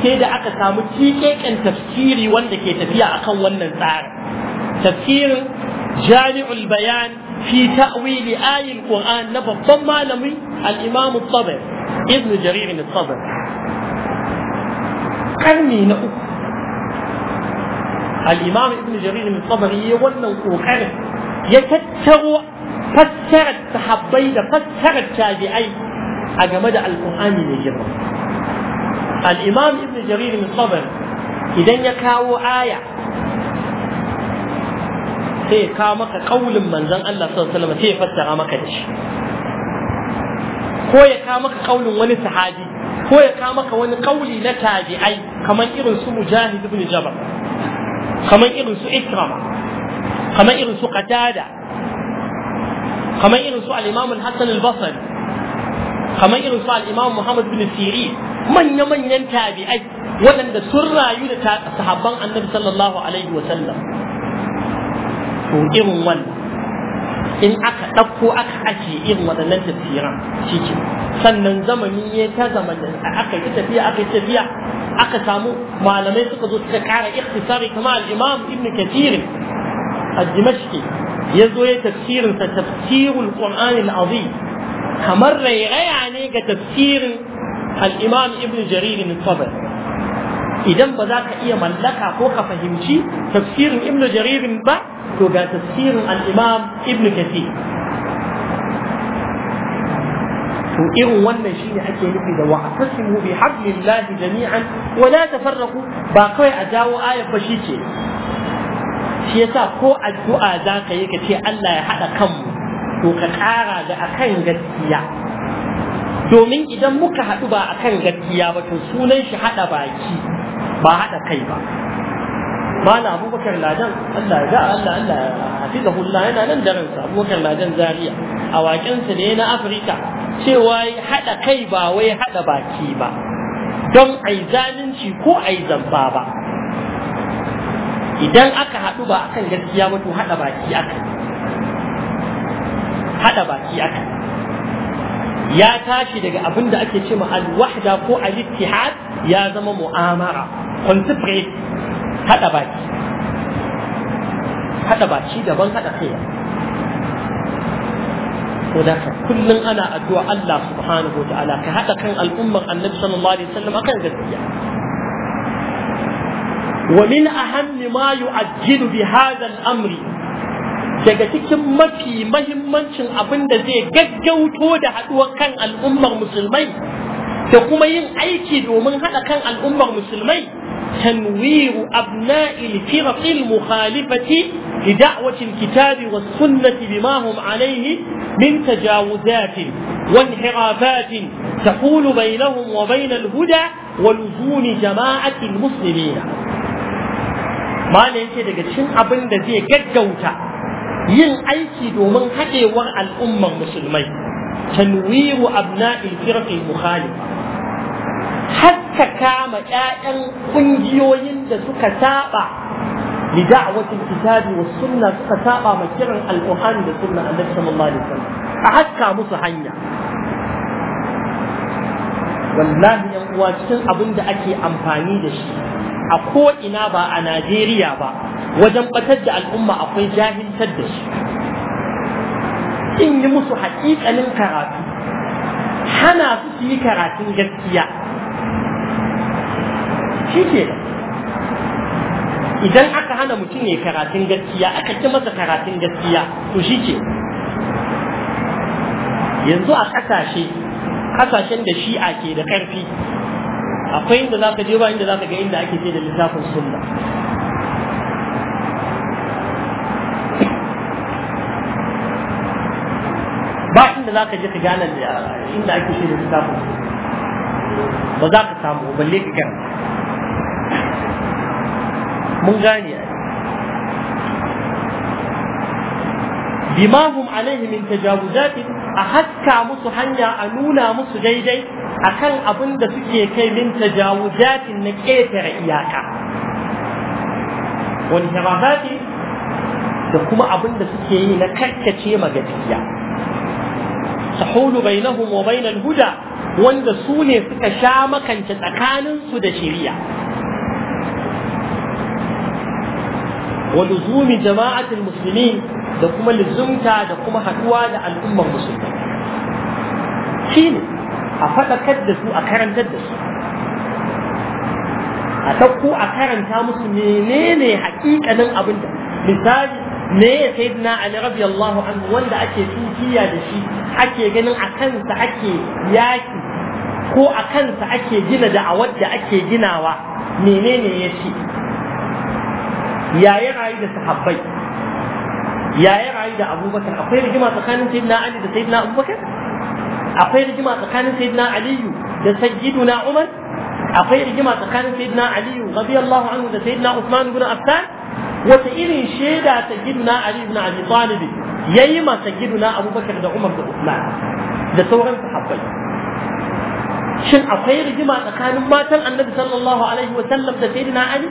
sai da aka samu cikeken tafsiri wanda ke tafiya akan wannan tsarin tafsirin jami'ul bayan fi ta'wili ayil qur'an na babban malami al-imam at-tabari ibn jarir at-tabari karni na uku al-imam ibn jarir at-tabari wannan kokarin يتتغو فسرت تحبيت فسرت تابعي أجمد القرآن من جبر الإمام ابن جرير من صبر إذا يكاو آية سي كامك قول من زن الله صلى الله عليه وسلم سي فسر مكة هو يكامك قول من سحادي هو يكامك ون قولي لتابعي كمان إرسو مجاهد ابن جبر كمان إرسو إكرامه kamar irin su qatada kamar irin su al Hassan al-hasan al kamar irin su al muhammad bin sirin manya manyan tabi'ai waɗanda sun rayu da sahabban annabi sallallahu alaihi wa sallam to irin wannan in aka ɗauko aka ake irin waɗannan tafsiran cikin, sannan zamani ya ta zamani aka yi tafiya aka yi tafiya aka samu malamai suka zo suka ƙara ikhtisari kama al-imam ibn kathir الدمشقي يزوي تفسير تفسير القرآن العظيم كمرة يغي عليك تفسير الإمام ابن جرير من قبل إذا بذاك إيه من لك فوق فهمشي تفسير ابن جرير من بعد توقع تفسير الإمام ابن كثير وإن ون شيء حكي نبي دوا اعتصموا بحبل الله جميعا ولا تفرقوا باقي أجاو آية فشيكي shi yasa ko addu'a za ka yi ka ce Allah ya haɗa kanmu to ka ƙara da kan gaskiya domin idan muka haɗu ba a kan gaskiya ba to sunan shi haɗa baki ba haɗa kai ba mala abubakar ladan Allah ya ga Allah Allah hafizahullah yana nan daren sa abubakar ladan zaria a waƙensa ne na afirka cewa haɗa kai ba wai haɗa baki ba don a yi zalunci ko a yi zamba ba idan aka haɗu ba akan gaskiya ba to haɗa baki aka haɗa baki aka ya tashi daga abin da ake ce al-wahda ko al-ittihad ya zama mu'amara concentrate haɗa baki haɗa baki daban haɗa kai ko da ka ana addu'a Allah subhanahu wa ta'ala ka haɗa kan al'ummar annabi sallallahu alaihi wasallam akan gaskiya ومن أهم ما يؤجل بهذا الأمر daga cikin mafi mahimmancin abin da zai gaggauto da haɗuwar kan al'ummar musulmai da kuma yin aiki domin haɗa kan al'ummar musulmai tanwiru abna'il firaqil mukhalifati li da'wati alkitabi wa sunnati bima hum alayhi min tajawuzatin wa inhirafatin tahulu bainahum wa bainal huda wa luzumi jama'ati almuslimin ya ce daga cikin abin da zai gaggauta yin aiki domin haɗewar al'umman musulmai tanwiru abna'il firqi mukhalifa hatta kama ƴaƴan ƙungiyoyin da suka saba li da'watil kitabi was sunna suka saba ma kiran alqur'ani da sunna annabi sallallahu alaihi wasallam a haska musu hanya wallahi yan uwa cikin abin da ake amfani da shi a ko'ina ba a Najeriya ba wajen batar da al'umma akwai jahiltar da shi. in yi musu haƙiƙanin karatu hana su su yi karatun gaskiya shi ke idan aka hana mutum ya karatun gaskiya aka ci masa karatun gaskiya to shi ke yanzu a ƙasashe ƙasashen da shi'a ke da ƙarfi akwai inda za ka je ba inda za ka ga inda ake ce da littafin sunna ba inda za ka je ka gane inda ake ce da littafin sunna ba za ka samu balle ka gane mun gane bima hum alaihi min tajawuzatin a haska musu hanya a nuna musu daidai akan abin da suke kai min tajawuzatin na ƙetare iyaka wani shababati da kuma abin da suke yi na karkace magaskiya sahulu bainahum wa bainal huda wanda su ne suka sha makance tsakaninsu da shari'a wa luzumi jama'atul muslimin da kuma lizumta da kuma haduwa da al'ummar musulmi shi ne a faɗakar da su a karantar da su a ɗauko a karanta musu menene haƙiƙanin abin da misali me ya sai na Ali radiyallahu anhu wanda ake tukiya da shi ake ganin a kansa ake yaki ko a kansa ake gina a da ake ginawa menene ya ce yayi rayu da sahabbai يا يا أبو بكر أخير جماعة خان سيدنا علي سيدنا أبو بكر أخير جماعة خان سيدنا علي سيدنا عمر أخير جماعة خان سيدنا علي رضي الله عنه سيدنا عثمان بن أفتان وتأني شيدا سيدنا علي بن أبي طالب ييما سيدنا أبو بكر ده عمر ده عثمان ده سورة حبل شن أخير جماعة خان ما تل النبي صلى الله عليه وسلم سيدنا علي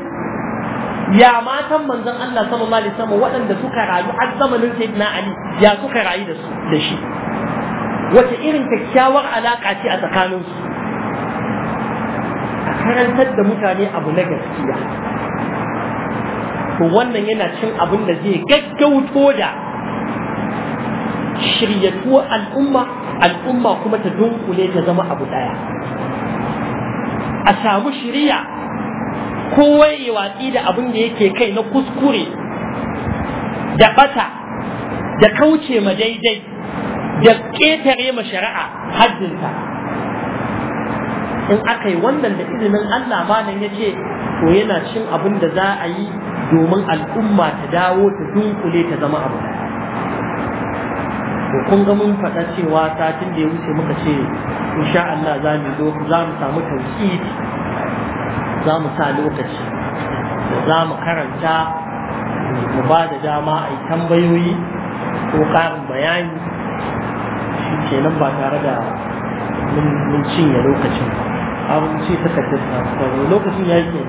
ya matan manzon Allah sallallahu alaihi wasallam waɗanda suka rayu har zamanin Sayyidina Ali ya suka rayu da su da shi wace irin kyakkyawar alaka ce a tsakanin su a karantar da mutane abu na gaskiya to wannan yana cin abin da zai gaggauto da shiryatuwar al'umma al'umma kuma ta dunkule ta zama abu daya a samu shiriya kowa ya watsi da abin da yake kai na kuskure da bata da kauce ma daidai da ƙetare ma shari'a haddinsa in aka yi wannan da izinin Allah malam ya ce to yana cin abin da za a yi domin al'umma ta dawo ta dunkule ta zama abu to kun ga mun faɗa cewa satin da ya wuce muka ce insha Allah za mu zo za mu samu tauhidi za mu sa lokaci za mu karanta mu ba da dama a yi tambayoyi ko ƙarin bayani shi kenan ba tare da mun cinye lokacin abin ce ta na tsaro lokacin ya ke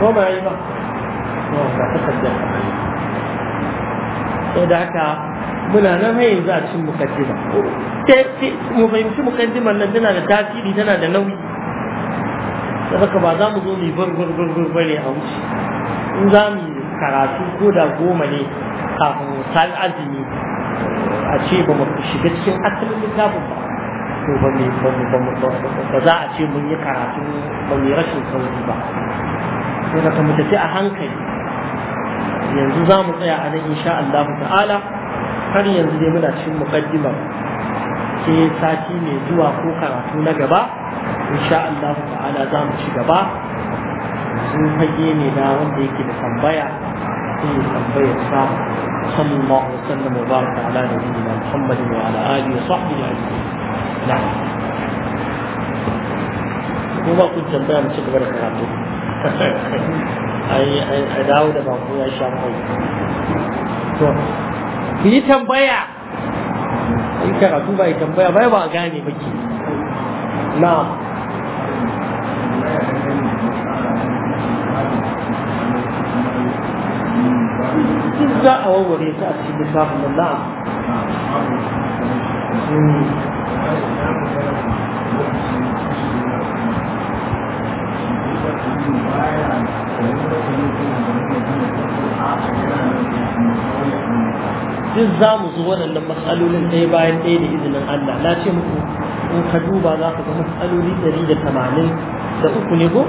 ko ba yi ba ko ba takardar sai da haka muna nan har yanzu a cikin mukaddima mu fahimci mukaddiman nan tana da tasiri tana da nauyi da haka ba za mu zo mu bar bar a wuce in za mu karatu ko da goma ne kafin misal azumi a ce ba mu shiga cikin asalin littafin ba to ba mu ba mu ba za a ce mun yi karatu ba mu rashin sauri ba to da mu ce a hankali yanzu za mu tsaya a nan insha Allah ta'ala har yanzu dai muna cikin muqaddima sai sati mai zuwa ko karatu na gaba insha Allah ta'ala za mu ci gaba sun fage ne na wanda yake da tambaya sai ya tambaya sa sallallahu alaihi wasallam wa baraka ala nabiyyina Muhammad wa ala alihi wa sahbihi ajma'in na'am ko ba ku tambaya mu ci gaba da karatu [laughs] ai ai dawo da bako ya sha kai to ku yi tambaya in karatu ba yi tambaya bai ba gane ba ke na'am duk za a warware ta a cikin littafin Allah duk za mu zo waɗannan matsalolin ɗaya bayan ɗaya da izinin Allah na ce muku in ka duba za ka ga matsaloli ɗari da tamanin da uku ne ko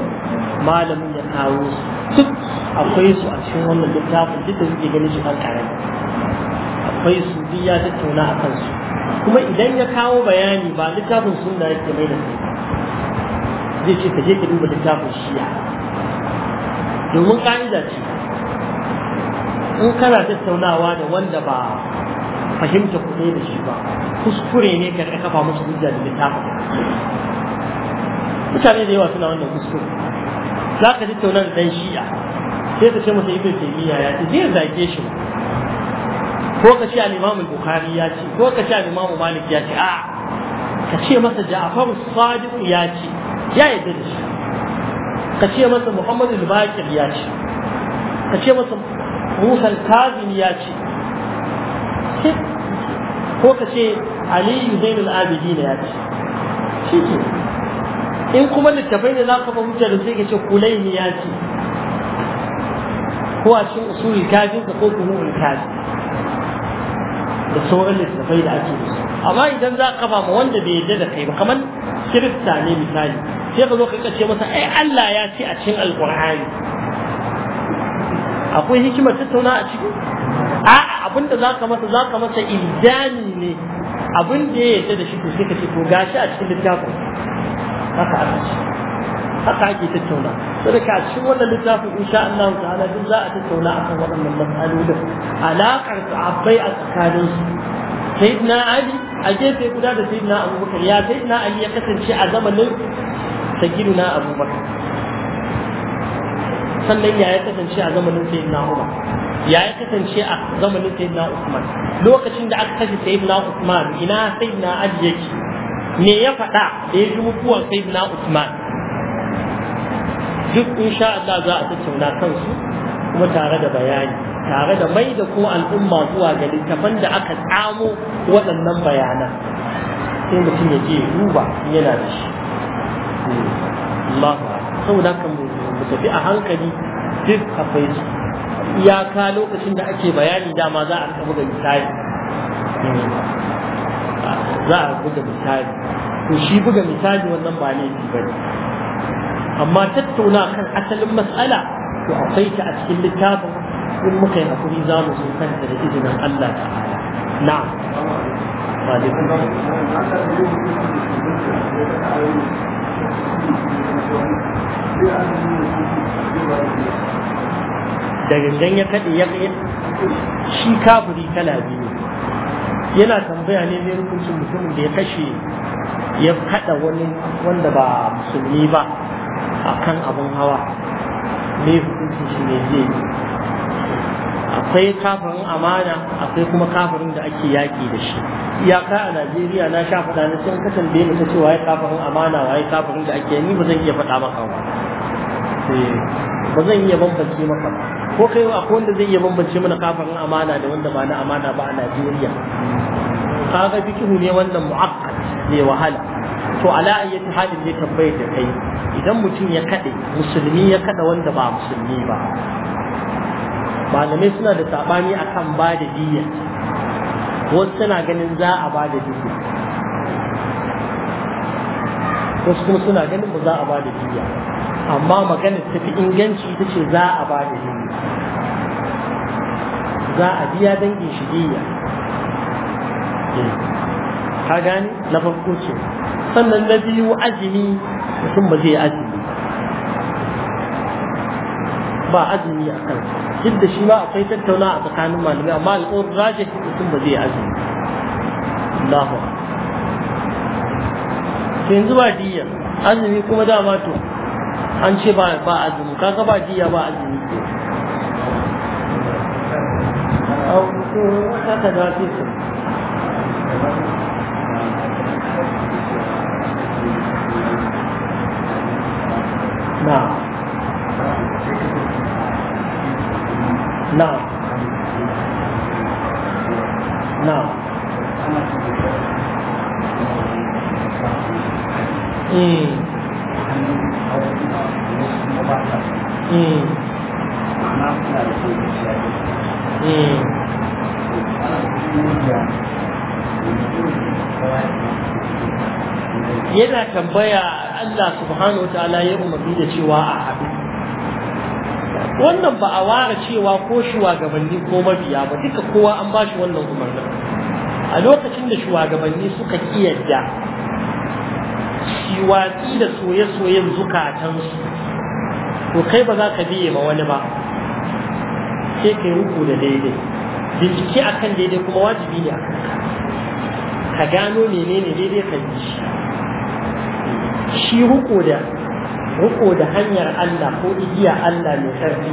malamin ya kawo su duk akwai su a cikin wannan littafin duk da suke ganin shi an karami akwai su duk ya tattauna a kansu kuma idan ya kawo bayani ba littafin sun da yake mai da zai ce ka je ka duba littafin shiya domin ka'ida ce in kana tattaunawa da wanda ba fahimta kuɗi da shi ba kuskure ne ka kafa musu hujja da littafin mutane da yawa suna wannan kuskure za ka tattauna da ɗan shi'a sai ka ce masa ibn taymiya ya ce zai zage shi ko ka ce al-imam bukhari ya ce ko ka ce al-imam malik ya ce a ka ce masa ja'far sadiq ya ce ya yadda da shi ka ce masa muhammad al-baqir ya ce ka ce masa musa al-kazim ya ce ko ka ce aliyu zainul abidin ya ce shi ke in kuma littafai ne za ka fahimta da sai ka ce kulaini ya ce ko a cikin usulul kafi ko funu'ul kafi da sauran littattafai da ake da su amma idan za ka ba wanda bai yadda da kai ba kamar kirista ne misali sai ka zo ka ce masa ai Allah ya ce a cikin alqur'ani akwai hikima tattauna a cikin a'a abinda za ka masa za ka masa iljani ne abin da ya yadda da shi to sai ka ce to gashi a cikin littafin haka aka ce haka ake tattauna to da ka cikin wannan littafin insha Allah ta'ala duk za a tattauna akan waɗannan matsalolin alaƙar sahabbai a tsakanin su sayyidina Ali a gefe guda da sayyidina Abubakar ya sayyidina Ali ya kasance a zamanin sayyidina Abubakar sannan ya ya kasance a zamanin sayyidina Umar ya ya kasance a zamanin sayyidina Usman lokacin da aka kashe sayyidina Usman ina sayyidina Ali yake me ya faɗa da ya ji mutuwar sayyidina Usman duk insha Allah za a tattauna kansu kuma tare da bayani tare da mai da ko al'umma zuwa ga littafan da aka tsamo waɗannan bayanan sai mutum ya je duba yana da shi Allah saboda kan mu tafi a hankali duk akwai su iyaka lokacin da ake bayani dama za a buga misali za a buga misali to shi buga misali wannan ba ne ba amma tattauna kan asalin matsala, to akwai ta a cikin littafin in muka yi hakuri za mu zo kanta da izinin Allah ta'ala na'am da gangan ya kaɗe ya shi kafuri kala biyu yana tambaya ne mai hukuncin mutumin da ya kashe ya kaɗa wani wanda ba musulmi ba akan abin hawa me hukunci shi ne zai akwai kafirin amana akwai kuma kafirin da ake yaƙi da shi iyaka a najeriya na sha faɗa na sun kasance mu ta ce waye kafirin amana waye kafirin da ake ni ba zan iya faɗa maka ba eh, ba zan iya bambance maka ba ko kai akwai wanda zai iya bambance mana kafirin amana da wanda ba na amana ba a najeriya kaga fikihu ne wannan mu'akkad ne wahala to ala ayyati halin ne tambayar da kai idan mutum ya kade musulmi ya kada wanda ba musulmi ba malamai suna da sabani akan ba da diyya wasu suna ganin za a ba da diyya wasu kuma suna ganin ba za a ba da diyya amma magana ta fi inganci ita ce za a ba da diyya za a biya dangin shi diyya eh, ka gani na farko ce sannan na biyu azumi mutum ba zai yi azumi ba azumi a kan duk da shi ma akwai tattauna a tsakanin malamai amma alƙawarin rajin mutum ba zai yi azumi Allahu yanzu ba diya azumi kuma dama to an ce ba azumi kaga ba diya ba azumi ke haka za su na'am hmm. Hmm. Hmm. yana tambaya Allah subhanahu wa ta'ala ya umarni da cewa a abin wannan ba a ware cewa ko shugabanni ko mabiya ba duka kowa an ba shi wannan umarnin a lokacin da shugabanni suka kiyarda shi da soye-soyen zukatansu to kai ba za ka biye ma wani ba sai kai ruku da daidai bincike akan daidai kuma wajibi ne a ka gano menene daidai ka yi shi ruku da riko da hanyar Allah ko igiya Allah mai sarki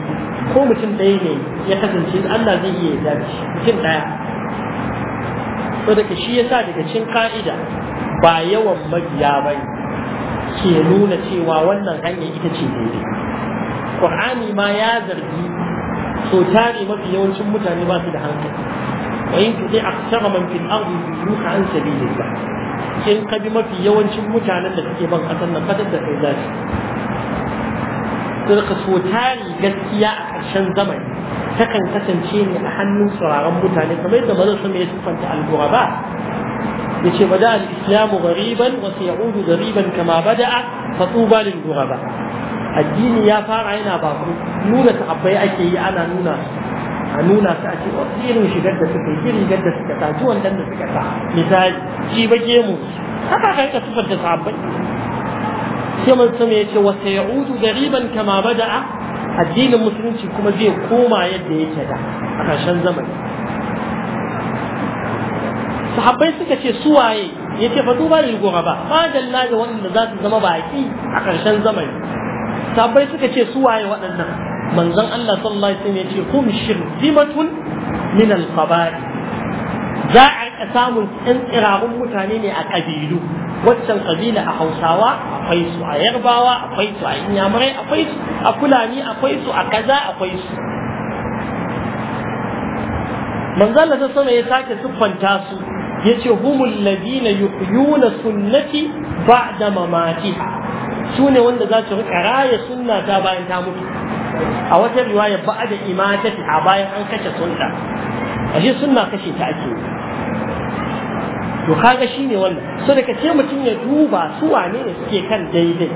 ko mutum ɗaya ne ya kasance Allah zai iya yarda shi mutum ɗaya saboda shi yasa daga cikin ka'ida ba yawan mabiya ba ke nuna cewa wannan hanyar ita ce daidai Qur'ani ma ya zargi so tare mafi yawancin mutane ba su da hankali wa yin tuɗi a man fil ardi yuka an sabilillah Kin ka bi mafi yawancin mutanen da suke ban kasar nan kasar da kai zaci sirka so tari gaskiya a ƙarshen zamani takan kasance ne a hannun tsiraran mutane kamar yadda mazan sama ya siffanta al-ghuraba yace bada al-islamu ghariban wa sayaudu ghariban kama bada'a fa tuba lil ba. addini ya fara yana baku, nuna ta'abbai ake yi ana nuna a nuna su a ce wasu oh, irin shigar da suka yi rigar da suka sa ji wannan da suka sa misali ba ke mu haka kan ka sifar da sahabbai sai mun sama yace wa sayudu gariban kama bada'a addinin musulunci kuma zai koma yadda yake da a ƙarshen zamani sahabbai suka ce su waye ya yace fa duba lil ghuraba ma dalla da waɗanda za su zama baƙi a ƙarshen zamani sahabbai suka ce su waye waɗannan manzan Allah sallallahu alaihi wasallam ya ce hum shirzimatun min al-qaba'i za a rika samun ɗan tsirarun mutane ne a ƙabilu waccan ƙabila a Hausawa akwai su a Yarbawa akwai su a Inyamurai akwai su a Fulani akwai su a kaza akwai su manzon Allah sallallahu ya sake siffanta su yace humul ladina yuhyuna sunnati ba'da mamatiha sune wanda za su rika raya sunna ta bayan ta mutu a wata riwaya ba da imatati a bayan an kashe sunna ashe sunna kashe ta ake to kaga ne wannan so daga ce mutum ya duba su wane ne suke kan daidai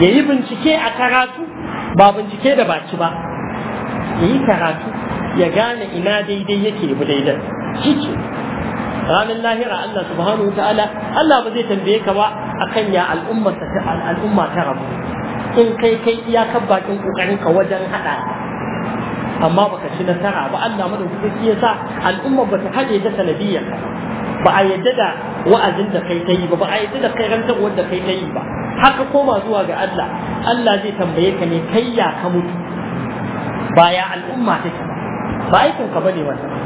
ya yi bincike a karatu ba bincike da baki ba ya yi karatu ya gane ina daidai yake bi daidai shi ranar lahira Allah subhanahu wa ta'ala Allah ba zai tambaye ka ba akan ya al'umma ta rabu in kai kai iyakar bakin kokarin ka wajen hada amma baka ci nasara ba Allah madaukaki ya sa al'umma bata hade da sanadiyar ka ba a yadda da wa'azin da kai kai yi ba ba a yadda da kai rantarwar wanda kai kai yi ba haka koma zuwa ga Allah Allah zai tambaye ka ne kai ya ka mutu ba ya al'umma take ba aikin ka bane wannan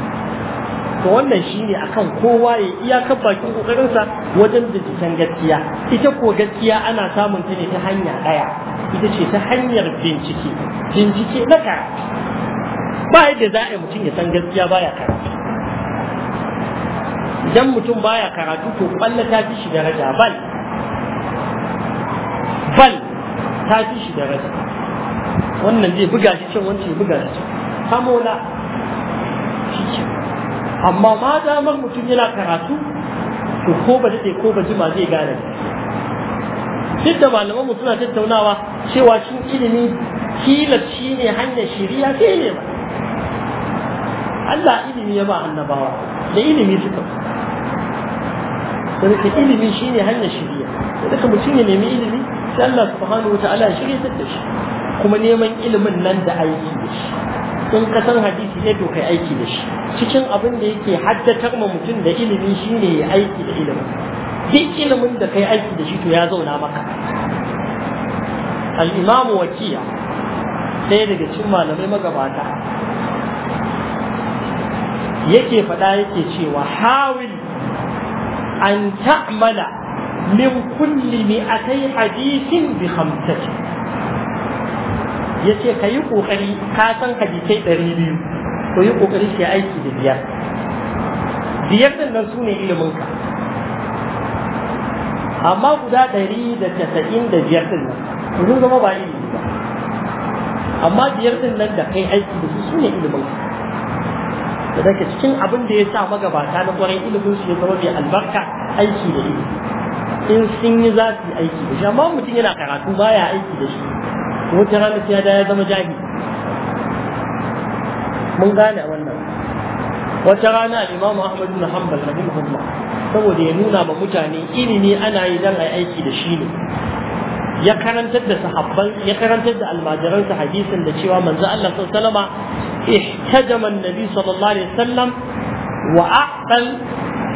to wannan shi ne akan kowa ya iyakar bakin kokarinsa wajen jikin gaskiya ita ko gaskiya ana samun ta ne ta hanya daya ita ce ta hanyar bincike bincike na karatu ba yadda za a yi mutum ya san gaskiya baya karatu idan mutum baya karatu to kwalla ta fi shi daraja bal bal ta fi shi daraja wannan zai buga shi cin wancan buga shi can samola shi amma ma damar mutum yana karatu to ko ba daɗe ko ba jima zai gane duk da malaman mu suna tattaunawa cewa shi ilimi kila shi ne hanyar shiriya ke ne ba Allah ilimi ya ba annabawa da ilimi suka da nake ilimi shi ne hanyar shiriya da nake mutum ya nemi ilimi sai Allah subhanahu wa ta'ala shirya da shi kuma neman ilimin nan da aiki da shi in kasan hadisi ne to kai aiki da shi cikin abin da yake haddatar ma mutum da ilimi shine ya aiki da ilimi duk ilimin da kai aiki da shi to ya zauna maka Al'imamu wakiya ɗaya daga cikin malamai magabata yake faɗa yake cewa hawil an ta'mala min kulli mi'atai hadisin bi khamsati ya ce ka yi ƙoƙari ka san hadisai ɗari biyu to yi ƙoƙari ka aiki da biyar biyar ɗin nan su ne iliminka amma guda ɗari da casa'in da biyar ɗin nan sun zama ba ilimi ba amma biyar ɗin nan da kai aiki da su su ne iliminka da daga cikin abin da ya sa magabata na kwarai ilimin su ya zama mai albarka aiki da ilimi in sun yi za su yi aiki da shi amma mutum yana karatu baya aiki da shi wata rana sai ya da ya zama jahi mun gane wannan wata rana al-imamu ahmad bin hanbal rahimahullah saboda ya nuna ba mutane ilimi ana yi dan ai aiki da shi ne ya karantar da sahabban ya karantar da almajiran sa hadisin da cewa manzo Allah sallallahu alaihi wasallama ihtajama annabi sallallahu alaihi wasallam wa aqal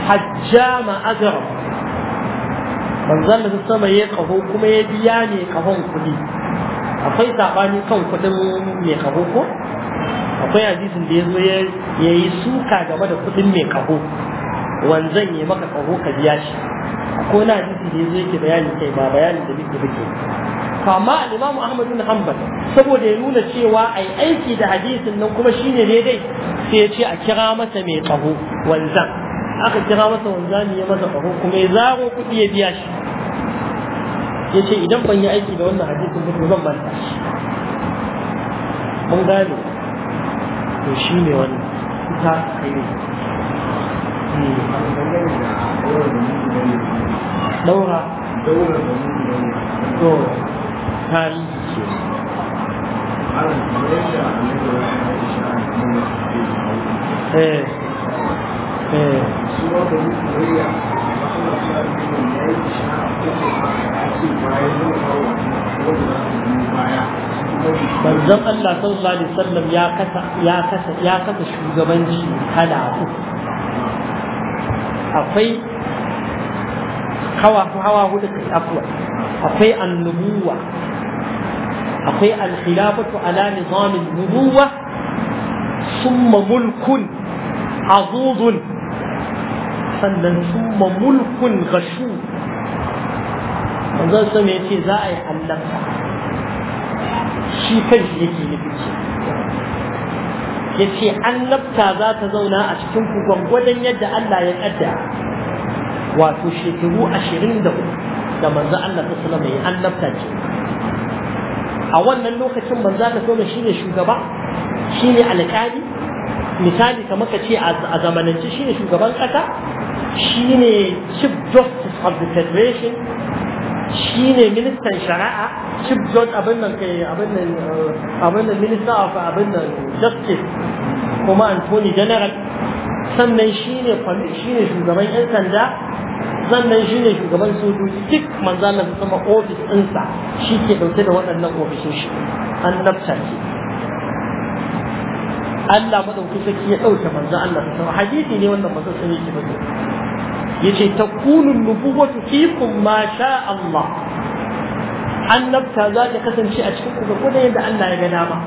hajjama ajra manzo Allah sallallahu alaihi wasallama ya kaho kuma ya biya ne kahon kudi akwai sabani kan kudin mai kaho ko akwai hadisin da yazo ya yi suka game da kudin mai kaho wanzan ya maka kaho ka biya shi ko na hadisi da yazo yake bayani kai ba bayanin da muke muke to amma al-Imam Ahmad bin Hanbal saboda ya nuna cewa ai aiki da hadisin nan kuma shine dai, sai ya ce a kira masa mai kaho wanzan aka kira masa wanzan ya masa kaho kuma ya zaro kudi ya biya shi ya ce idan ban yi aiki da wannan hadisin ba zan manta shi mun gane to shi ne wannan ita kai hmm. daura daura to tarihi ce eh eh manzon Allah sallallahu alaihi wasallam ya kasa ya kasa ya kasa shugabanci kala akwai hawa hawa hudu kai afwa akwai annubuwa akwai alkhilafatu ala nizamin nubuwa summa mulkun azudun sannan summa mulkun gashu manzon sallallahu alaihi wasallam ya ce za a yi annabta shi kan shi yake nufi ya ce annabta za ta zauna a cikin ku gwangwadon yadda Allah ya kadda wato shekaru ashirin da da manzo Allah ta sallama ya annabta ce a wannan lokacin manzo ta shi ne shugaba shi ne alƙali misali kamar ka ce a zamanance ne shugaban ƙasa ne chief justice of the federation shi ne ministan shari'a chief judge abin nan kai abin nan abin nan minister of abin nan justice kuma antony general sannan shi ne shi ne shugaban yan sanda sannan shi ne shugaban sojoji duk manzalar su sama ofis ɗinsa shi ke dauke da waɗannan ofisoshi an nafta ce Allah madauki saki ya ɗauke manzo Allah sama hadisi ne wannan manzo sun yi ke yace takunun nubuwatu fikum ma sha Allah annabta za ta kasance a cikin ku ga yadda Allah ya ga dama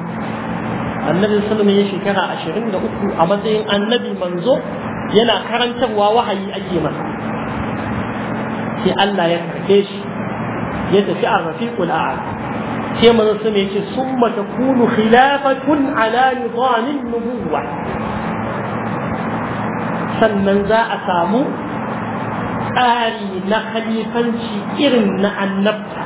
annabi sallallahu alaihi shekara 23 a matsayin annabi manzo yana karantarwa wahayi ake masa sai Allah ya karbe shi ya tafi a rafiqul a'la sai manzo sun yace summa takunu khilafatun ala nizamin nubuwa sannan za a samu tsari na khalifanci irin na annabta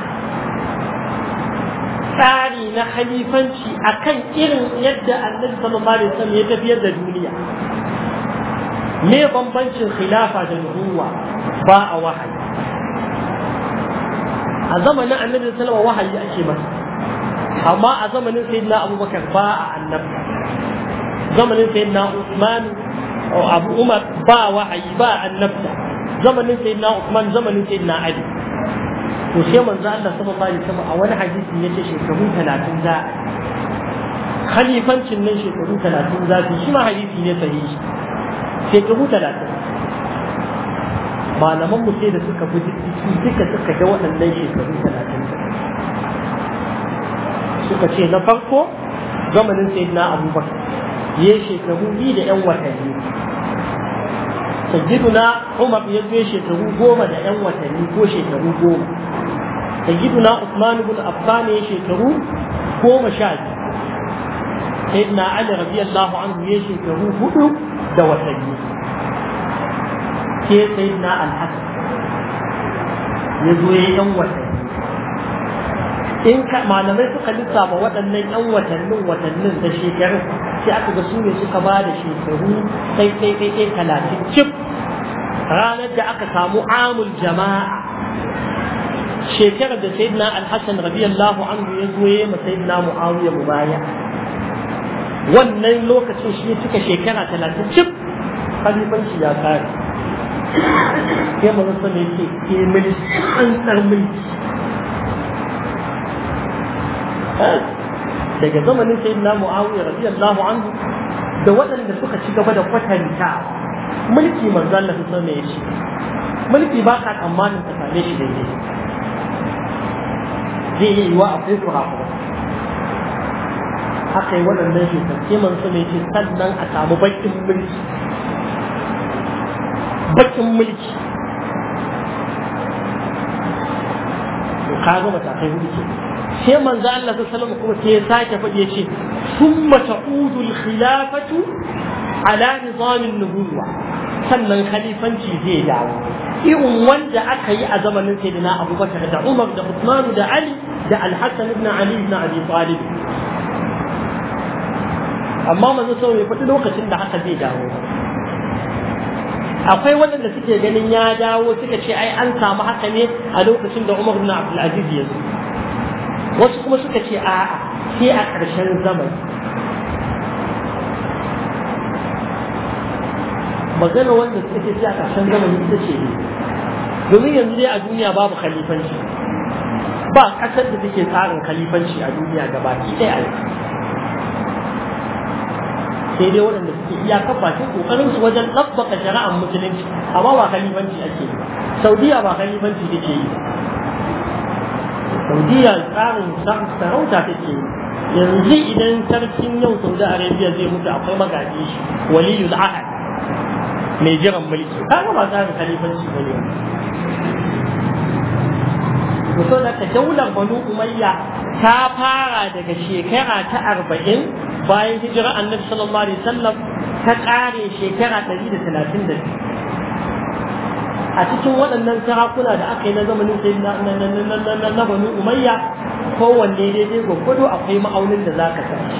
tsari na khalifanci akan irin yadda annabi sallallahu alaihi wasallam ya tafiyar da duniya me bambancin khilafa da nubuwa ba a wahayi a zamanin annabi sallallahu wahayi ake masa amma a zamanin sayyidina abubakar ba a annabta zamanin sayyidina usman abu umar ba wahayi ba annabta zamanin sayyidina Uthman zamanin sayyidina Ali to sai manzo Allah sallallahu alaihi wasallam a wani hadisi ce shekaru 30 za khalifancin nan shekaru 30 za su shi ma hadisi ne sahihi shekaru 30 malaman mu sai da suka bi duka suka ga waɗannan shekaru 30 suka ce na farko zamanin sayyidina Abubakar ya shekaru biyu da 'yan watanni sayyiduna umar ya zo shekaru goma da yan watanni ko shekaru goma sayyiduna usman ibn affan ya shekaru goma sha biyu sayyidina ali radiyallahu anhu ya shekaru hudu da watanni sai sayyidina al ya zo ya yan watanni in ka malamai suka lissafa waɗannan yan watannin watannin da sai aka ga su ne suka ba da shekaru sai sai sai sai talatin cif ranar da aka samu amul jama'a shekarar da sayyidina alhassan radiyallahu anhu ya zo ya sayyidina muawiya mubaya wannan lokacin shi suka shekara talatin cif khalifanci ya kare sai manzon sallallahu alaihi yake ke mulki an tsar mulki daga zamanin sayyidina muawiya radiyallahu anhu da waɗanda suka ci gaba da kwatanta mulki manzo Allah sun ya ci mulki ba ka tsammanin ka same shi daidai zai yi wa akwai kurakura haka yi waɗannan shekaru sai manzo ne ce sannan a samu bakin mulki bakin mulki zama ta kai hudu kenan sai manzo Allah sallallahu alaihi kuma sai ya sake faɗi ce, thumma ta'udu khilafatu ala nizam an sannan khalifanci zai dawo irin wanda aka yi a zamanin sayyidina Abubakar da Umar da Uthman da Ali da Al-Hasan ibn Ali ibn Abi Talib amma manzo sallallahu alaihi faɗi lokacin da haka zai dawo akwai waɗanda suke ganin ya dawo suka ce ai an samu haka ne a lokacin da Umar ibn Abdul Aziz ya zo wasu kuma suka ce a'a sai a ƙarshen zamani magana wanda suka ce sai a ƙarshen zamani ita ce ne domin yanzu dai a duniya babu khalifanci ba ƙasar da take tsarin khalifanci a duniya gaba ki ɗaya sai dai waɗanda suke iya bakin ƙoƙarin su wajen ɗabbaka shari'ar musulunci amma ba khalifanci ake yi saudiya ba khalifanci take yi saudiya tsarin sarauta ta take yanzu idan sarkin yau saudi arabia zai mutu akwai magaji shi da ahad mai jiran mulki kaga ba tsarin khalifanci ba ne to da ka daular banu umayya ta fara daga shekara ta arba'in bayan hijira annabi sallallahu alaihi wasallam ta kare shekara ɗari da talatin da biyu a cikin waɗannan sarakuna da aka yi na zamanin sai na bani umayya kowanne daidai gwagwado akwai ma'aunin da za ka sarci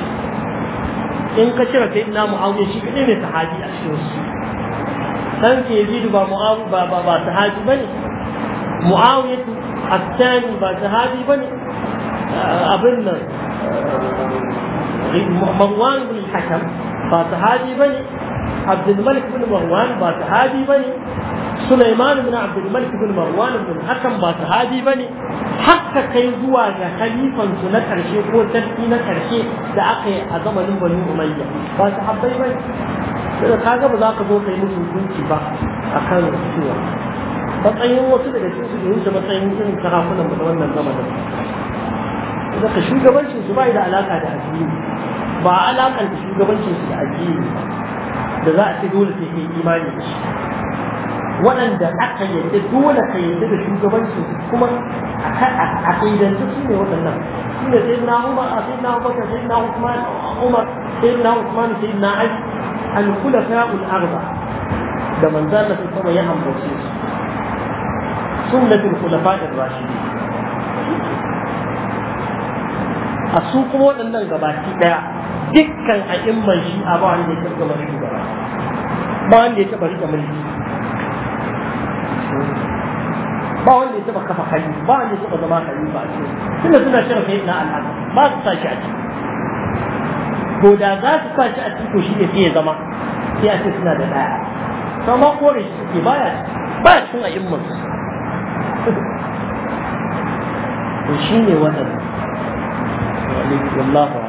in ka cire sai ina mu'awiyar shi kaɗai ne sahabi a cikin su dan ke yazidu ba mu'awu ba ba ba sahabi bane mu'awiyar asani ba sahabi bane abin nan eh, marwan bin hakam ba sahabi bane abdul malik bin marwan ba sahabi bane Sulaiman ibn Abdul Malik ibn Marwan ibn Hakam ba ne. bane ka kai zuwa ga kalifansu na karshe ko sarki na karshe da aka yi a zamanin Banu Umayya ba sahabbai bane sai kaga ba za ka zo kai musu hukunci ba akan cewa matsayin wasu daga cikin su da wuce matsayin irin sarakunan mu wannan zamanin daga shugabancin su bai da alaka da addini ba alakan shugabancin su da addini da za a dole sai kai shi waɗanda aka yadda dole ka yadda da shugabanci kuma a kai kaidanci su ne waɗannan su ne sai na umar a sai na umar sai na usman umar sai na usman sai na ali alkula fa'ul arba da manzan da kuma ya ambace su sunnatul khulafa'ir rashidi a su kuma waɗannan gabaki ɗaya dukkan a'imman shi a ba wanda ya taɓa rike mulki ba wanda ya taba kafa hali ba wanda ya taba zama hali ba ce tunda suna shirin kai na al'ada ba su sa shi a ciki ko da za su sa shi a ciki ko shi ne sai ya zama sai a ce suna da daya sama kore shi ke baya ba cin a imman [laughs] to shi ne waɗanda wallahu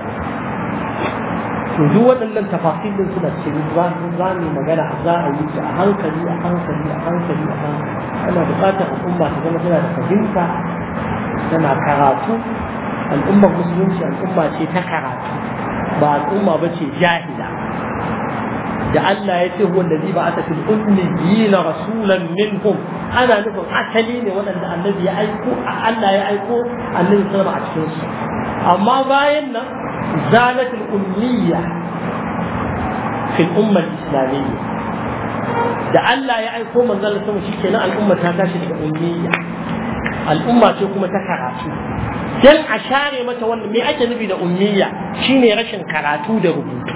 to duk waɗannan tafasilin suna cikin za mu magana za a yi a hankali a hankali a hankali a hankali ana buƙatar al'umma ta zama tana da fahimta tana karatu al'ummar musulunci al'umma ce ta karatu ba al'umma ba ce jahila da Allah ya ce huwa allazi ba'atha fil ummiyina rasulan minhum ana nufin asali ne waɗanda annabi ya aiko Allah ya aiko annabi sallama a cikin su amma bayan nan zalatul ummiya, fil umma islamiyya da Allah ya aiko manzon sama shi kenan al'umma ta tashi daga ummiya al'umma ce kuma ta karatu dan a share mata wannan me ake nufi da ummiya shine rashin karatu da rubutu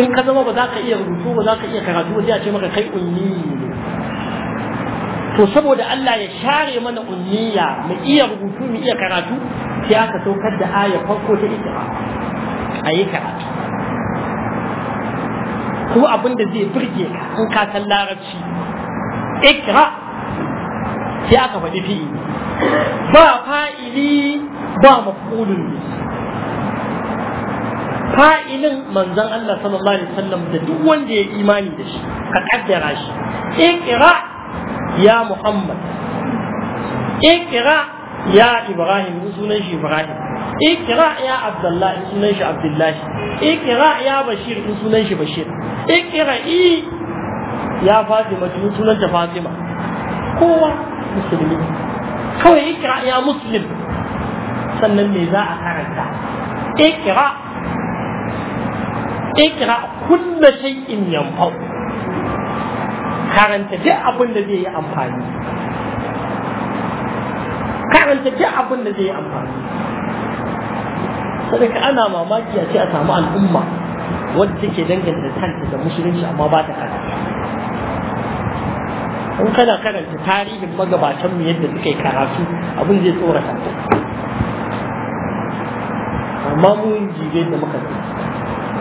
in ka zama ba za ka iya rubutu ba za ka iya karatu ba sai a ce maka kai ummi to saboda Allah ya share mana ummiya mu iya rubutu mu iya karatu sai aka saukar da aya farko ta ita a yi karatu ko abinda zai birge ka in ka san larabci ikra sai aka faɗi fi'i ba fa'ili ba mafulun ne fa'ilin manzon Allah sallallahu alaihi wasallam da duk wanda ya imani da shi ka kaddara shi ikra ya Muhammad ikra ya Ibrahim sunan shi Ibrahim ikra ya Abdullahi sunan shi Abdullahi ikra ya Bashir sunan shi Bashir ikira'i ya fatima tun sunanta fatima kowa musulmi kawai ikira ya muslim sannan me za a karanta ikira ikira kulla shay'in yanfau karanta duk abin da zai yi amfani karanta duk abin da zai yi amfani sadaka ana mamaki a ce a samu al'umma wadda take danganta kanta da musulunci amma ba ta karatu in kana karanta tarihin magabatanmu yadda suka yi karatu abin zai tsorata amma mu jibe da muka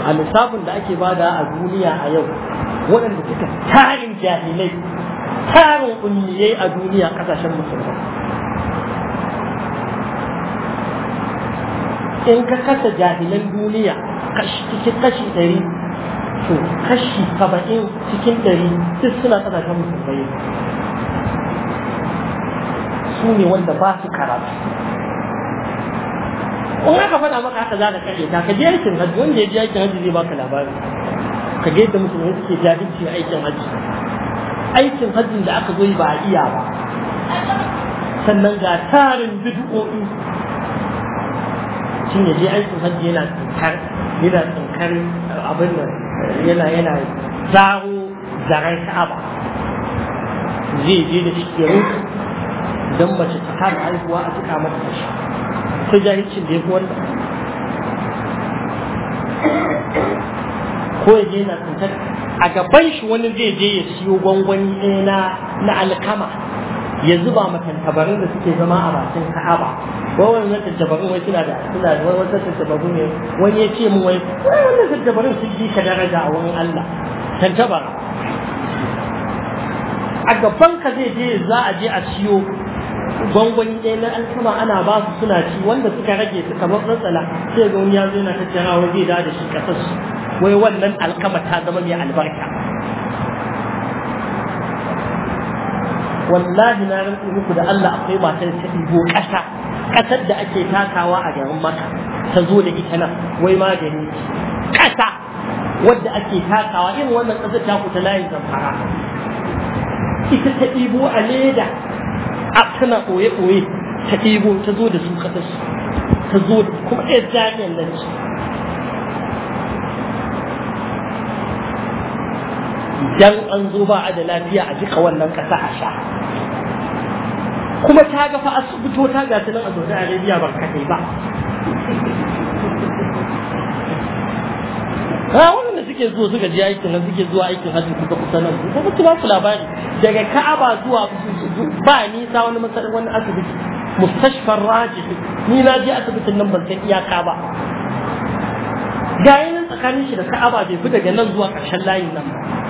a lissafin da ake bada a duniya a yau waɗanda suka tarin jahilai tarin unniyai a duniya ƙasashen musulmai in ka kasa jahilan duniya kashi cikin kashi ɗari to kashi saba'in cikin ɗari duk suna ƙasashen musulmai su ne wanda ba su karatu in aka faɗa maka haka za ka kashe ta ka je aikin hajji wanda ya je aikin hajji zai baka labari ka ga yadda musulmai suke jahilci aikin hajji aikin hajjin da aka zo ba a iya ba sannan ga tarin bid'o'i mutum ya je aikin hajji yana cutar yana tsinkar abin da yana yana zaro zaren ka'aba zai je da shi kenan don mace ta kama haihuwa a cika mata da shi ta jahilcin da ya fi wanda ko ya yana na a gaban shi wani zai je ya siyo gwangwani ɗaya na alkama Ya zuba ba matantabarin da suke zama a bakin ka'aba Wai wani na tantabarin wai suna da suna da wani wata tantabarin ne wani ya ce mu wai wani tantabarin sun ji ka daraja a wurin Allah tantabara a gaban ka zai je za a je a ciyo gwangwani ɗaya na alkama ana ba su suna ci wanda suka rage su kamar tsantsala sai ga wani ya zo yana tattara wani zai da shi ƙasar su wai wannan alkama ta zama mai albarka wallahi na rantsu muku da Allah akwai matar ta ɗigo ƙasa ƙasar da ake takawa a garin maka ta zo da ita nan wai magani ƙasa wadda ake takawa irin wannan ƙasar ta ku ta layin zamfara ita ta ɗibo a leda a tana ɓoye-ɓoye ta ɗibo ta zo da su ƙasar ta zo da kuma ɗaya jami'an nan dan an zo ba a da lafiya a jika wannan ƙasa a sha kuma ta ga fa asibitota ga su nan a Saudi Arabia ba kaɗai ba ha wanda suke zuwa suka je aikin nan suke zuwa aikin hajji suka kusa nan su kuma su ba su labari daga Ka'aba zuwa ba nisa wani masarar wani asibiti mustashfar raji ni na je asibitin nan ban san iyaka ba ga yanin tsakanin shi da Ka'aba bai fi daga nan zuwa ƙarshen layin nan ba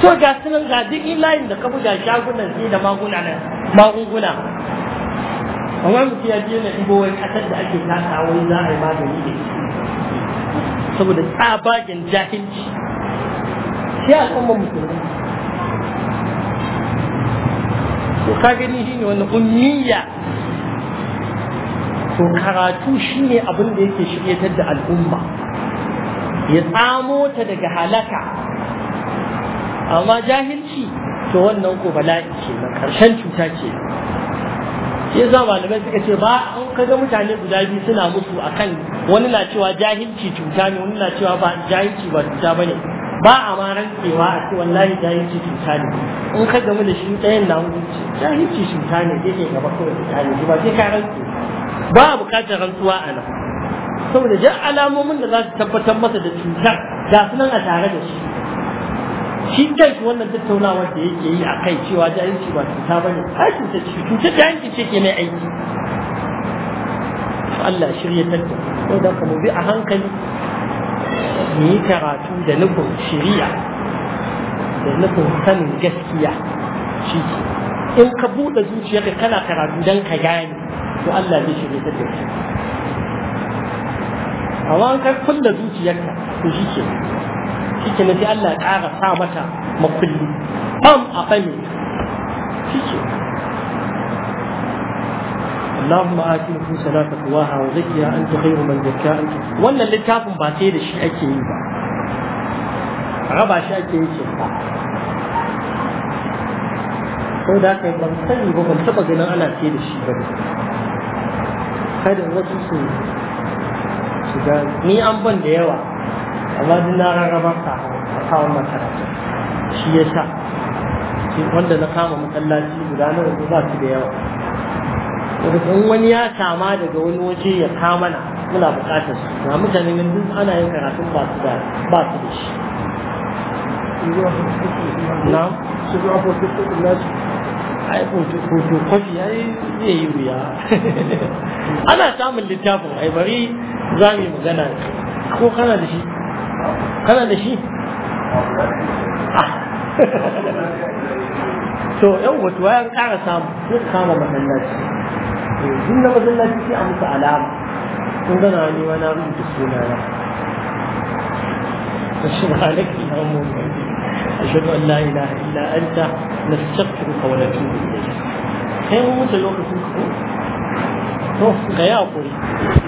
so ga sunan ga duk layin da ka buga shagunan zai da maguna nan magunguna amma mutum ya je na ibo wani kasar da ake nasa wani za a yi magani da saboda tsabagen jahilci sai al'ummar musulmi to ka gani shine wani ummiya to karatu shine abin da yake shiryatar da al'umma ya tsamo ta daga halaka amma jahilci to wannan ko bala'i ce na karshen cuta ce shi yasa malamai suka ce ba an kaga mutane guda biyu suna musu akan wani na cewa jahilci cuta ne wani na cewa ba jahilci ba cuta ne. ba a ma rantsewa a ce wallahi jahilci cuta ne in ka gamu da shi ɗayan na hudu jahilci cuta ne zai ke gaba kawai cuta ne ba sai ka rantsu ba a buƙatar rantsuwa a nan saboda duk alamomin da za su tabbatar masa da cutar ga su nan a tare da shi shi kai wannan tattaunawar da yake yi a kai cewa jahilci ba cuta bane aikin ta cutar jahilci ce ke mai aiki Allah shirya tattu ko da ka mu bi a hankali mu yi karatu da nufin shiriya da nufin sanin gaskiya shi in ka buɗe zuciyarka kana karatu don ka gane to Allah zai shirya tattu amma an kai kulla zuciyarka to shi ke shi ke sai Allah ya ƙara sa mata makulli bam a fami shi ke اللهم آت نفوسنا تقواها وزكها أنت خير من زكاها ولا اللي كافٍ بعتيه الشيء أكيد raba shi ake yi sau da aka yi ban sani ba ban taba ganin ana ce da shi ba kada wasu su su gane ni an ban da yawa amma duk na rarrabar ka a kawo makaranta shi ya sa wanda na kama matsalaci guda na wasu ba su da yawa wanda kan wani ya kama daga wani waje ya kama na muna bukatar su na mutane duk ana yin karatun ba su da ba su da shi na ai hoto kwafi ai zai yi wuya [laughs] ana samun littafin ai bari za mu yi magana ko kana da shi kana da shi ah. [laughs] to yan wato ya kara samu sai ka kama masallaci duk na masallaci sai a musu alama kun gana ni wani rubuta suna na Subhanaka Allahumma أشهد أن لا إله إلا أنت نستغفرك ونتوب إليك خير موسى لوكسن كفو to ka yi